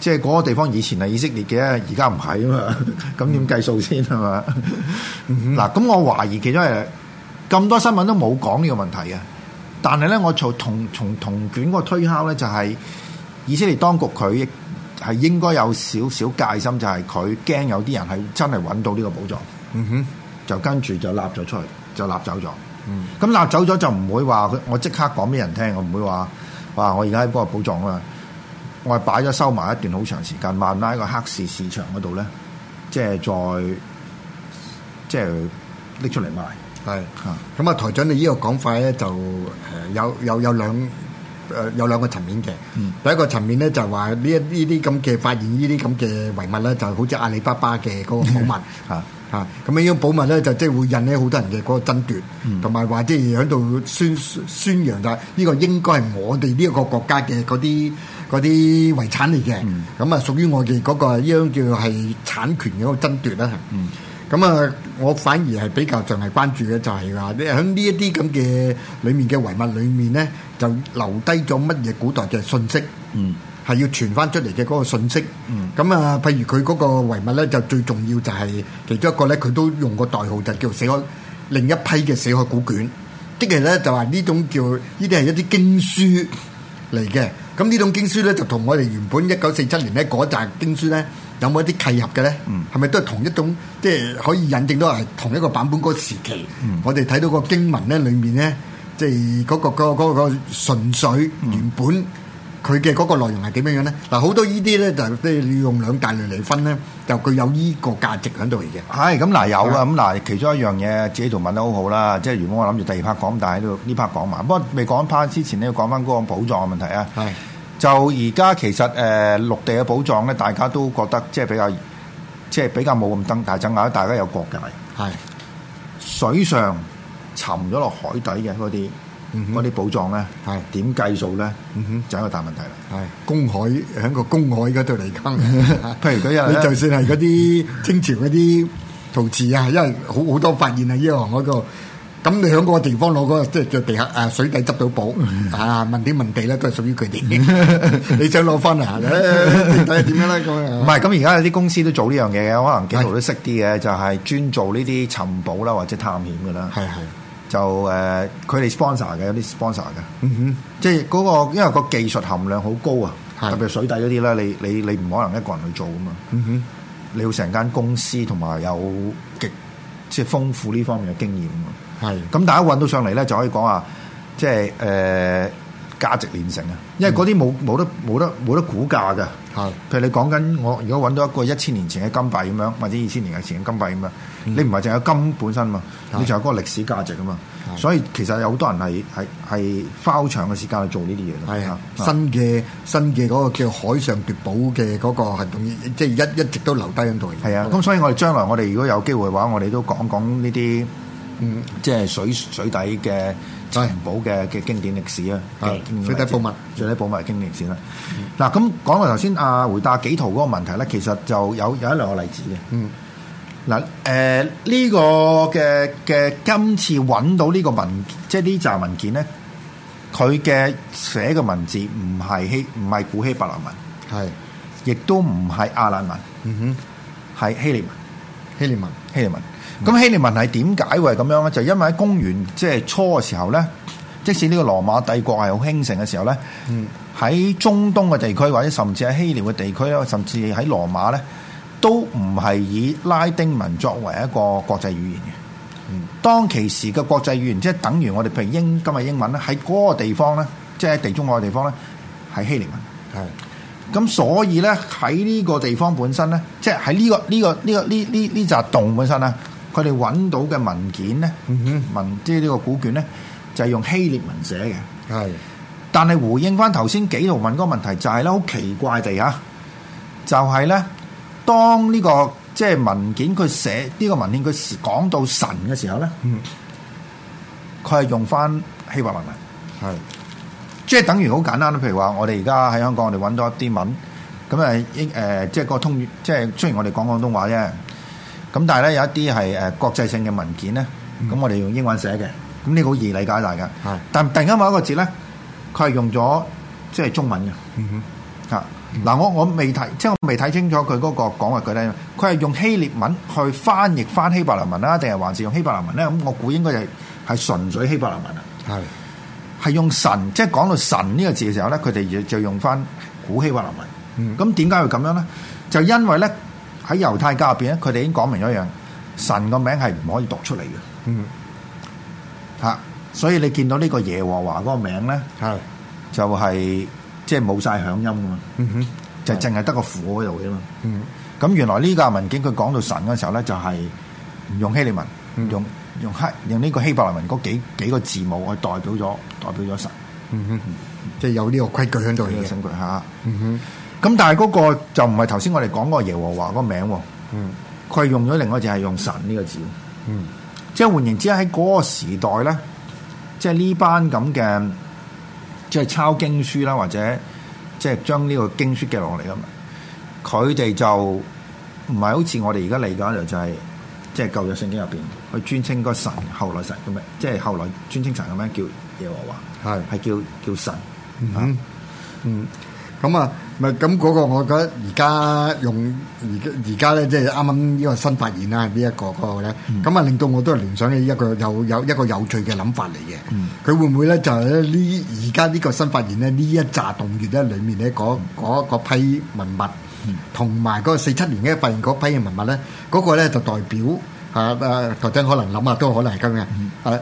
即係嗰個地方以前係以色列嘅，而家唔係啊嘛，咁 <laughs> 點計數先係、啊、嘛？嗱、 <laughs> <laughs> 啊，咁我懷疑其中係咁多新聞都冇講呢個問題嘅，但係咧，我從同從同，同卷個推敲咧，就係、是、以色列當局佢亦係應該有少少戒心，就係佢驚有啲人係真係揾到呢個寶藏。嗯哼，就跟住就立咗出去，就立走咗。 <laughs> 嗯，咁立走咗就唔會話佢，我即刻講俾人聽，我唔會話話我而家喺嗰個寶藏啊。我係擺咗收埋一段好長時間，萬喺個黑市市場嗰度咧，即係再即係拎出嚟賣。係是，咁啊是台長你呢個講法咧就誒有有有兩誒、呃、有兩個層面嘅。嗯、第一個層面咧就係話呢一呢啲咁嘅發現，呢啲咁嘅遺物咧就好似阿里巴巴嘅嗰個寶物啊，咁樣樣寶物咧就即係會引起好多人嘅嗰個爭奪，同埋話即係喺度宣宣揚就係呢個應該係我哋呢一個國家嘅嗰啲嗰啲遺產嚟嘅，咁啊、嗯、屬於我哋嗰、那個呢樣、這個、叫係產權嘅一個爭奪啦嚇。咁啊、嗯，我反而係比較就係關注嘅就係話，你喺呢一啲咁嘅裡面嘅遺物裡面咧，就留低咗乜嘢古代嘅信息。嗯係要傳翻出嚟嘅嗰個信息，咁啊、嗯，譬如佢嗰個遺物咧，就最重要就係其中一個咧，佢都用個代號就叫《死海》，另一批嘅《死海古卷》即係呢，即係咧就話呢種叫呢啲係一啲經書嚟嘅。咁呢種經書咧就同我哋原本一九四七年咧嗰陣經書咧有冇一啲契合嘅咧？係咪、嗯、都係同一種即係、即係、可以引證到係同一個版本嗰個時期？嗯、我哋睇到個經文咧裏面咧，即係嗰個嗰嗰、嗰個嗰個嗰個嗰個純粹原本。佢嘅嗰個內容係點樣樣咧？嗱，好多依啲咧就即係用兩大類嚟分咧，就具有依個價值喺度嚟嘅。係咁嗱，有啊，咁嗱，其中一樣嘢自己同問得好好啦。即係如果我諗住第二 part 講大喺度，呢 part 講埋。不過未講 part 之前呢，要講翻嗰個寶藏嘅問題啊。係的。就而家其實誒、呃、陸地嘅寶藏咧，大家都覺得即係比較即係比較冇咁爭大爭嗌，大家有國界。係的。水上沉咗落海底嘅嗰啲。嗰啲寶藏咧，係點計數咧？嗯哼，就一個大問題啦。係公海喺個公海嗰度嚟坑，譬如佢有你，就算係嗰啲清朝嗰啲陶瓷啊，因為好好多發現啊，依行嗰度。咁你喺嗰個地方攞嗰個，即係在地下誒水底執到寶啊！問天問地咧，都係屬於佢哋。你想攞分啊！睇下點樣啦咁。唔係，咁而家有啲公司都做呢樣嘢嘅，可能幾毫都識啲嘅，就係專做呢啲尋寶啦或者探險噶啦。係係。就誒，佢哋 sponsor 嘅有啲 sponsor 嘅，嗯哼，即係嗰個，因為個技術含量好高啊，是特別係水底嗰啲咧，你你你唔可能一個人去做啊嘛，嗯哼，你要成間公司同埋有有極即係豐富呢方面嘅經驗啊嘛，係是，咁大家揾到上嚟咧就可以講話，即係誒，呃價值連城啊！因為嗰啲冇冇得冇得冇得估價㗎，的譬如你講緊我如果揾到一個一千年前嘅金幣咁樣，或者二千年嘅前嘅金幣咁樣，嗯、你唔係淨有金本身嘛，的你仲有個歷史價值啊嘛，的所以其實有好多人係係係花長嘅時間去做呢啲嘢咯。啊的，新嘅新嘅嗰個叫海上奪寶嘅嗰個系統，即係一一直都留低喺度。係啊的，咁的所以我哋將來我哋如果有機會嘅話，我哋都講講呢啲。嗯，即係水水底嘅財寶嘅嘅經典歷史啊！水底寶物，水底寶物係經典歷史啦。嗱，咁講到頭先啊，回答紀陶嗰個問題咧，其實就有有一兩個例子嘅。嗯，嗱，誒呢個嘅嘅今次揾到呢個文，即係呢紮文件咧，佢嘅寫嘅文字唔係希唔係古希伯來文，係，亦都唔係亞蘭文，哼，係希臘文。希利文，希利文。咁、嗯、希利文係點解會係咁樣咧？就因為喺公元即係初嘅時候咧，即使呢個羅馬帝國係好興盛嘅時候咧，喺、嗯、中東嘅地區或者甚至喺希利嘅地區咧，甚至喺羅馬咧，都唔係以拉丁文作為一個國際語言嘅。嗯、當其時嘅國際語言，即係等於我哋譬如英今日英文咧，喺嗰個地方咧，即係地中海嘅地方咧，係希利文。係。咁所以咧喺呢個地方本身咧，即係喺呢個呢、呢個呢、呢個呢呢呢洞本身啊，佢哋揾到嘅文件咧，mm hmm. 文即係呢個古卷咧，就係、係、用希臘文寫嘅。係的，但係回應翻頭先紀陶問嗰個問題，就係咧好奇怪地啊，就係、係、咧當呢、呢個即係、即係、文件佢寫呢、呢個文件佢講到神嘅時候咧，佢係、mm hmm. 用翻希伯來文文。係。即係等於好簡單，譬如話我哋而家喺香港，我哋揾到一啲文咁啊英誒，即係個通即係雖然我哋講廣東話啫，咁但係咧有一啲係誒國際性嘅文件咧，咁、嗯、我哋用英文寫嘅，咁呢個好易理解大噶。的但係突然間某一個字咧，佢係用咗即係中文嘅、嗯。嗯嗱、啊，我我未睇，即係我未睇清楚佢嗰個講話佢咧，佢係用希臘文去翻譯翻希伯來文啦，定係還是用希伯來文咧？咁我估應該就係係純粹希伯來文啊。係的。係用神，即係講到神呢、這個字嘅時候咧，佢哋就用翻古希伯來文。嗯，咁點解會咁樣咧？就因為咧喺猶太教入邊咧，佢哋已經講明咗一樣，神個名係唔可以讀出嚟嘅。嗯，吓、啊，所以你見到呢個耶和華嗰個名咧，係是就係、是、即係冇晒響音噶嘛。哼，就淨係得個火嗰度啫嘛。嗯，咁原來呢個文件，佢講到神嘅時候咧，就係、是、唔用希臘文。用用黑用呢個希伯來文嗰幾幾個字母去代表咗代表咗神，嗯哼，即係有呢個規矩喺度嘅證據吓，嗯哼。咁但係嗰個就唔係頭先我哋講個耶和華個名，嗯，佢係用咗另外淨係用神呢個字，個字嗯，即係換言之喺嗰個時代咧，即係呢班咁嘅即係抄經書啦，或者即係將呢個經書記落嚟咁，佢哋就唔係好似我哋而家嚟講就係、是。即係舊約聖經入邊，去尊稱嗰個神後來神咁嘅，即係後來尊稱神咁樣叫耶和華，係係是叫叫神嗯，咁、嗯、啊咪咁嗰個，我覺得而家用而而家咧，即係啱啱呢個新發現啦，呢個、個呢一個嗰個咧，咁啊、嗯、令到我都係聯想起一個有有，有一個有趣嘅諗法嚟嘅。佢、嗯、會唔會咧就係咧呢？而家呢個新發現咧，呢一紮洞穴咧裡面咧嗰嗰嗰批文物。同埋嗰個四七年嘅發現嗰批嘅文物咧，嗰、那個咧就代表啊啊頭陣可能諗下都可能係咁嘅，喺嗰、嗯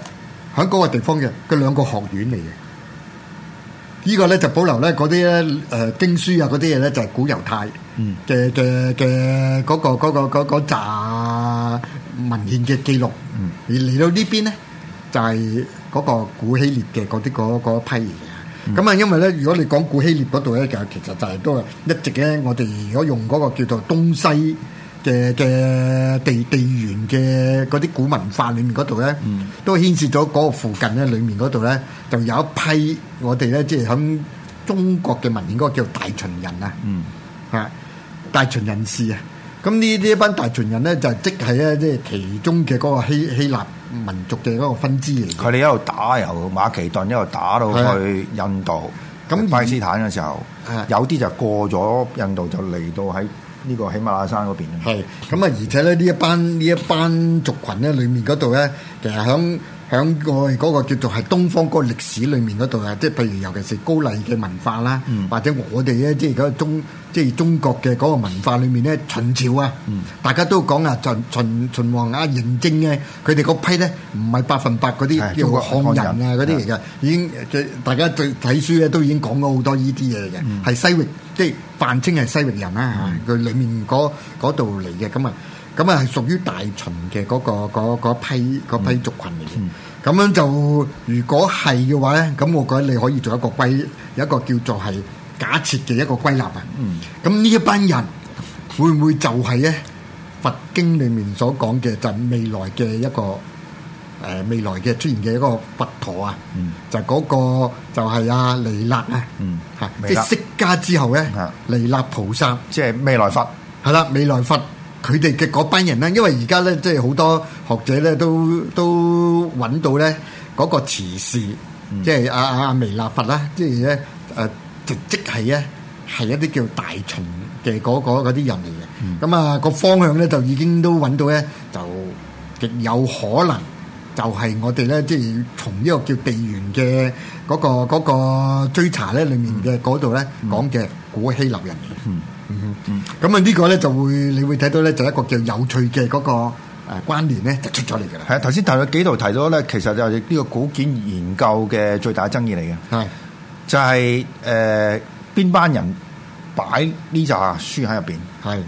啊、個地方嘅嗰兩個學院嚟嘅。這個、呢個咧就保留咧嗰啲咧誒經書啊嗰啲嘢咧就係古猶太嘅嘅嘅嗰個嗰、那個嗰、那個咋、那個那個、文獻嘅記錄。嗯、而嚟到邊呢邊咧就係、是、嗰個古希臘嘅嗰啲嗰批。咁啊，嗯、因為咧，如果你講古希臘嗰度咧，就其實就係都係一直咧，我哋如果用嗰個叫做東西嘅嘅地地緣嘅嗰啲古文化裏面嗰度咧，嗯、都牽涉咗嗰個附近咧，裏面嗰度咧就有一批我哋咧，即係響中國嘅文獻，應該叫大秦人啊，嚇、嗯、大秦人士啊。咁呢呢一班大群人咧，就係即係咧，即係其中嘅嗰個希希臘民族嘅嗰個分支嚟。佢哋一路打由馬其頓一路打到去印度、巴基斯坦嘅時候，而有啲就過咗印度就嚟到喺呢個喜馬拉山嗰邊。係咁啊！而且咧，呢一班呢一班族群咧，裡面嗰度咧，其實喺。喺外嗰個叫做係東方嗰個歷史裏面嗰度啊，即係譬如尤其是高麗嘅文化啦，嗯、或者我哋咧即係而家中即係中國嘅嗰個文化裏面咧，秦朝啊，嗯、大家都講啊秦秦秦王啊嬴政啊，佢哋嗰批咧唔係百分百嗰啲叫做漢人啊嗰啲嚟嘅，已經最大家最睇書咧都已經講咗好多呢啲嘢嘅。係、嗯、西域即係泛稱係西域人啦，佢裏面嗰度嚟嘅咁啊。咁啊，係屬於大秦嘅嗰、嗰個批批族群嚟嘅。咁樣就如果係嘅話咧，咁我覺得你可以做一個歸有一個叫做係假設嘅一個歸納啊。咁呢一班人會唔會就係咧佛經裡面所講嘅就係未來嘅一個誒未來嘅出現嘅一個佛陀、嗯、個啊？就嗰個就係阿彌勒啊！嚇，即係釋迦之後咧，彌勒菩薩，即係未來佛，係啦，未來佛。嗯嗯嗯佢哋嘅嗰班人咧，因為而家咧，即係好多學者咧，都都揾到咧嗰個詞士，嗯、即係阿阿阿彌勒佛啦，即係咧誒，即係係一啲叫「大秦」嘅嗰個嗰啲人嚟嘅。咁啊，個方向咧就已經都揾到咧，就極有可能就係我哋咧，即係從呢個叫地緣嘅嗰個嗰、嗰個追查咧裡面嘅嗰度咧講嘅古希臘人。嗯嗯嗯，咁啊呢個咧就會你會睇到咧，就一個叫有趣嘅嗰個誒關聯咧就出咗嚟噶啦。係啊，頭先頭有幾度提咗咧,其實就係呢個古卷研究嘅最大爭議嚟嘅。係就係誒邊班人擺呢紮書喺入邊。係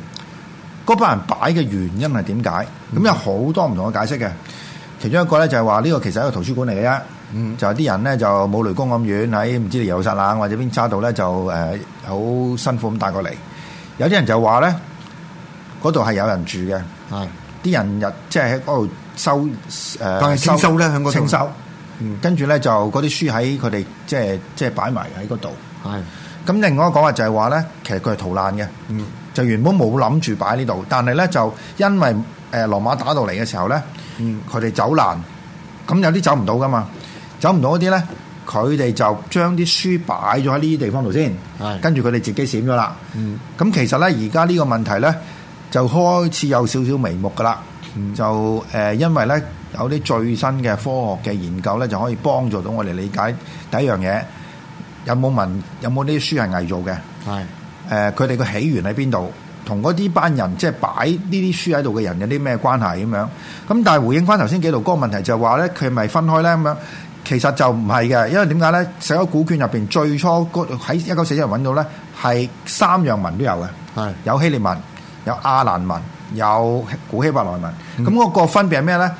嗰班人擺嘅原因係點解？咁有好多唔同嘅解釋嘅。其中一個咧就係話呢個其實係一個圖書館嚟嘅啫。嗯，就係啲人咧就冇雷公咁遠喺唔知耶路撒冷或者邊差度咧就誒好辛苦咁帶過嚟。有啲人就話咧，嗰度係有人住嘅，啲人就即係喺嗰度收，誒，清收咧，喺嗰度清收，跟住咧就嗰啲書喺佢哋即係即係擺埋喺嗰度。咁另外一個講話就係話咧，其實佢係逃難嘅，就原本冇諗住擺喺呢度，但係咧就因為誒羅馬打到嚟嘅時候咧，佢哋走難，咁有啲走唔到噶嘛，走唔到嗰啲咧。佢哋就將啲書擺咗喺呢啲地方度先，係跟住佢哋自己閃咗啦。咁、嗯、其實咧，而家呢個問題咧就開始有少少眉目噶啦。嗯、就誒，因為咧有啲最新嘅科學嘅研究咧，就可以幫助到我哋理解第一樣嘢。有冇問有冇呢啲書係偽造嘅？誒係，佢哋嘅起源喺邊、就是、度？同嗰啲班人即係擺呢啲書喺度嘅人有啲咩關係咁樣？咁但係回應返頭先幾度嗰個問題，就係話咧佢係咪分開咧咁樣。其實就唔係嘅，因為點解咧？所有古卷入邊最初喺一九四一年揾到咧，係三樣文都有嘅，是有希臘文、有阿蘭文、有古希伯來文，文。咁個、嗯、個分別係咩咧？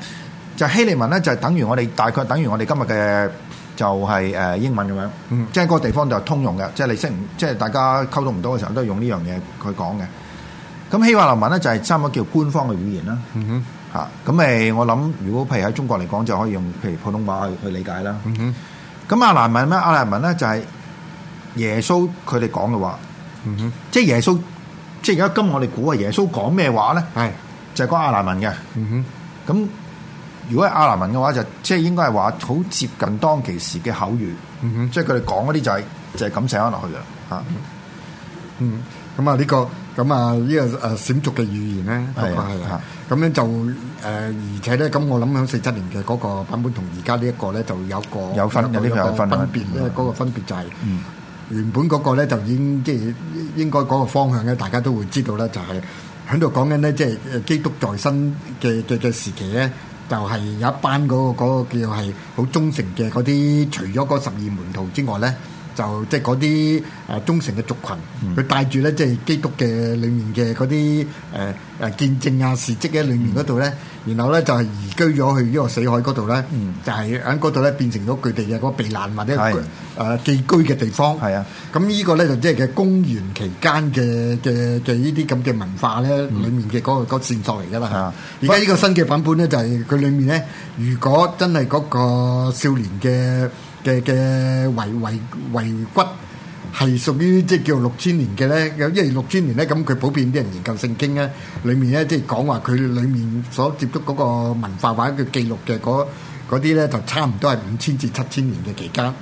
就希臘文咧就等於我哋大概等於我哋今日嘅就係誒英文咁樣，即係、嗯、個地方就通用嘅，即、就、係、是、你識，即、就、係、是、大家溝通唔到嘅時候都係用呢樣嘢去講嘅。咁希伯來文咧就係差唔多叫官方嘅語言啦？嗯哼吓咁咪我諗，如果譬如喺中國嚟講，就可以用譬如普通話去去理解啦。哼、mm，咁、hmm. 阿蘭文咩？阿蘭文咧就係耶穌佢哋講嘅話。哼、mm hmm.，即係耶穌，即係而家今我哋估啊，耶穌講咩話咧？係是就係講阿蘭文嘅。哼、mm，咁、hmm. 如果係阿蘭文嘅話，就即係應該係話好接近當其時嘅口語。哼、mm，hmm. 即係佢哋講嗰啲就係、是、就係咁寫翻落去嘅。吓、mm，hmm. 嗯，咁啊呢個。咁啊，呢個誒閃族嘅語言咧，係啊的，咁咧就誒，的而且咧，咁我諗響四七年嘅嗰個版本同而家呢一個咧，就有，分有個有分有啲有分啦，因為嗰個分別的就係、是，的嗯、原本嗰、那個咧就已經即係應該嗰個方向咧，大家都會知道咧，就係喺度講緊咧，即、就、係、是、基督在身嘅嘅嘅時期咧，就係、是、有一班嗰、那個那個叫係好忠誠嘅嗰啲除咗嗰十二門徒之外咧。就即係嗰啲誒忠誠嘅族羣，佢帶住咧即係基督嘅裏面嘅嗰啲誒誒見證啊事蹟喺裏面嗰度咧，然後咧就係移居咗去呢個死海嗰度咧，就係喺嗰度咧變成咗佢哋嘅嗰個避難或者係誒寄居嘅地方。係啊，咁呢個咧就即係嘅公元期間嘅嘅嘅呢啲咁嘅文化咧，裏面嘅嗰個嗰線索嚟㗎啦。而家呢個新嘅版本咧就係佢裏面咧，如果真係嗰個少年嘅。嘅嘅遺遺遺骨係屬於即係叫六千年嘅咧，有，因為六千年咧，咁佢普遍啲人研究聖經咧，裡面咧即係講話佢裡面所接觸嗰個文化或者佢記錄嘅嗰啲咧，就差唔多係五千至七千年嘅期間。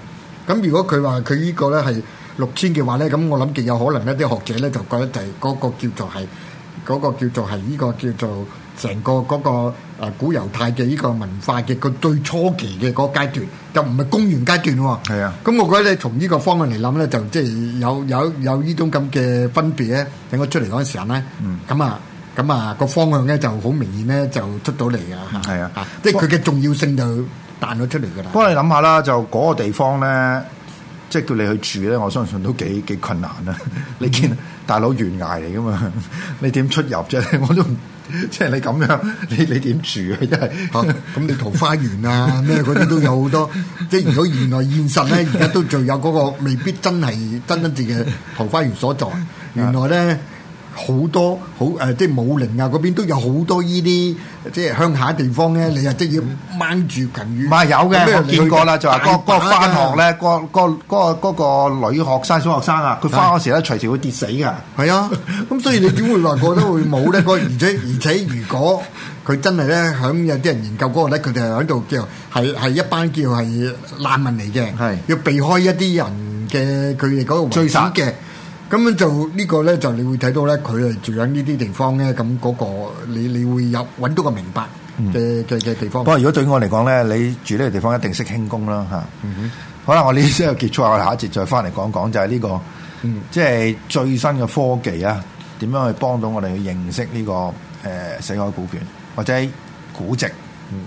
咁如果佢話佢呢個咧係六千嘅話咧，咁我諗極有可能咧啲學者咧就覺得就係、是、嗰、嗰個叫做係嗰、嗰個叫做係呢、那個、個叫做。成個嗰個古猶太嘅呢個文化嘅個最初期嘅嗰階段，就唔係公元階段喎。係啊，咁我覺得你從呢個方向嚟諗咧，就即係有有有呢種咁嘅分別咧。等我出嚟嗰陣時陣咧，咁、嗯、啊，咁啊、個方向咧就好明顯咧，就出到嚟啊。係啊，即係佢嘅重要性就彈咗出嚟㗎啦。幫你諗下啦，就嗰個地方咧，即係叫你去住咧，我相信都幾幾困難啊！ <laughs> 你見、嗯、大佬懸崖嚟㗎嘛？ <laughs> 你點出入啫？ <laughs> 我都～即係你咁樣，你你點住啊？即係咁，你桃花源啊咩嗰啲都有好多。即係如果原來現實咧，而家都仲有嗰個未必真係真真正正嘅桃花源所在。原來咧。多好多好誒，即係武陵啊！嗰邊都有好多呢啲即係鄉下地方咧，你啊即係要掹住近遠唔係有嘅。我見過啦，就話、個個翻學咧，個個、個個、嗰個女學生、小學生啊，佢翻嗰時咧的隨時會跌死噶。係啊，咁所以你點會話個都會冇咧？個而且而且，而且如果佢真係咧響有啲人研究嗰、嗰個咧，佢哋係喺度叫係係一班叫係難民嚟嘅，係的是要避開一啲人嘅佢哋嗰個最少嘅。咁樣就個呢個咧，就你會睇到咧，佢係住喺呢啲地方咧，咁嗰個你你會有揾到個明白嘅嘅嘅地方。不過如果對我嚟講咧，你住呢個地方一定識輕功啦嚇。嗯、哼好啦，我呢先又結束啊，我下一節再翻嚟講講就係呢、呢個，嗯、即係最新嘅科技啊，點樣去幫到我哋去認識呢、呢個誒死海古卷或者估值。嗯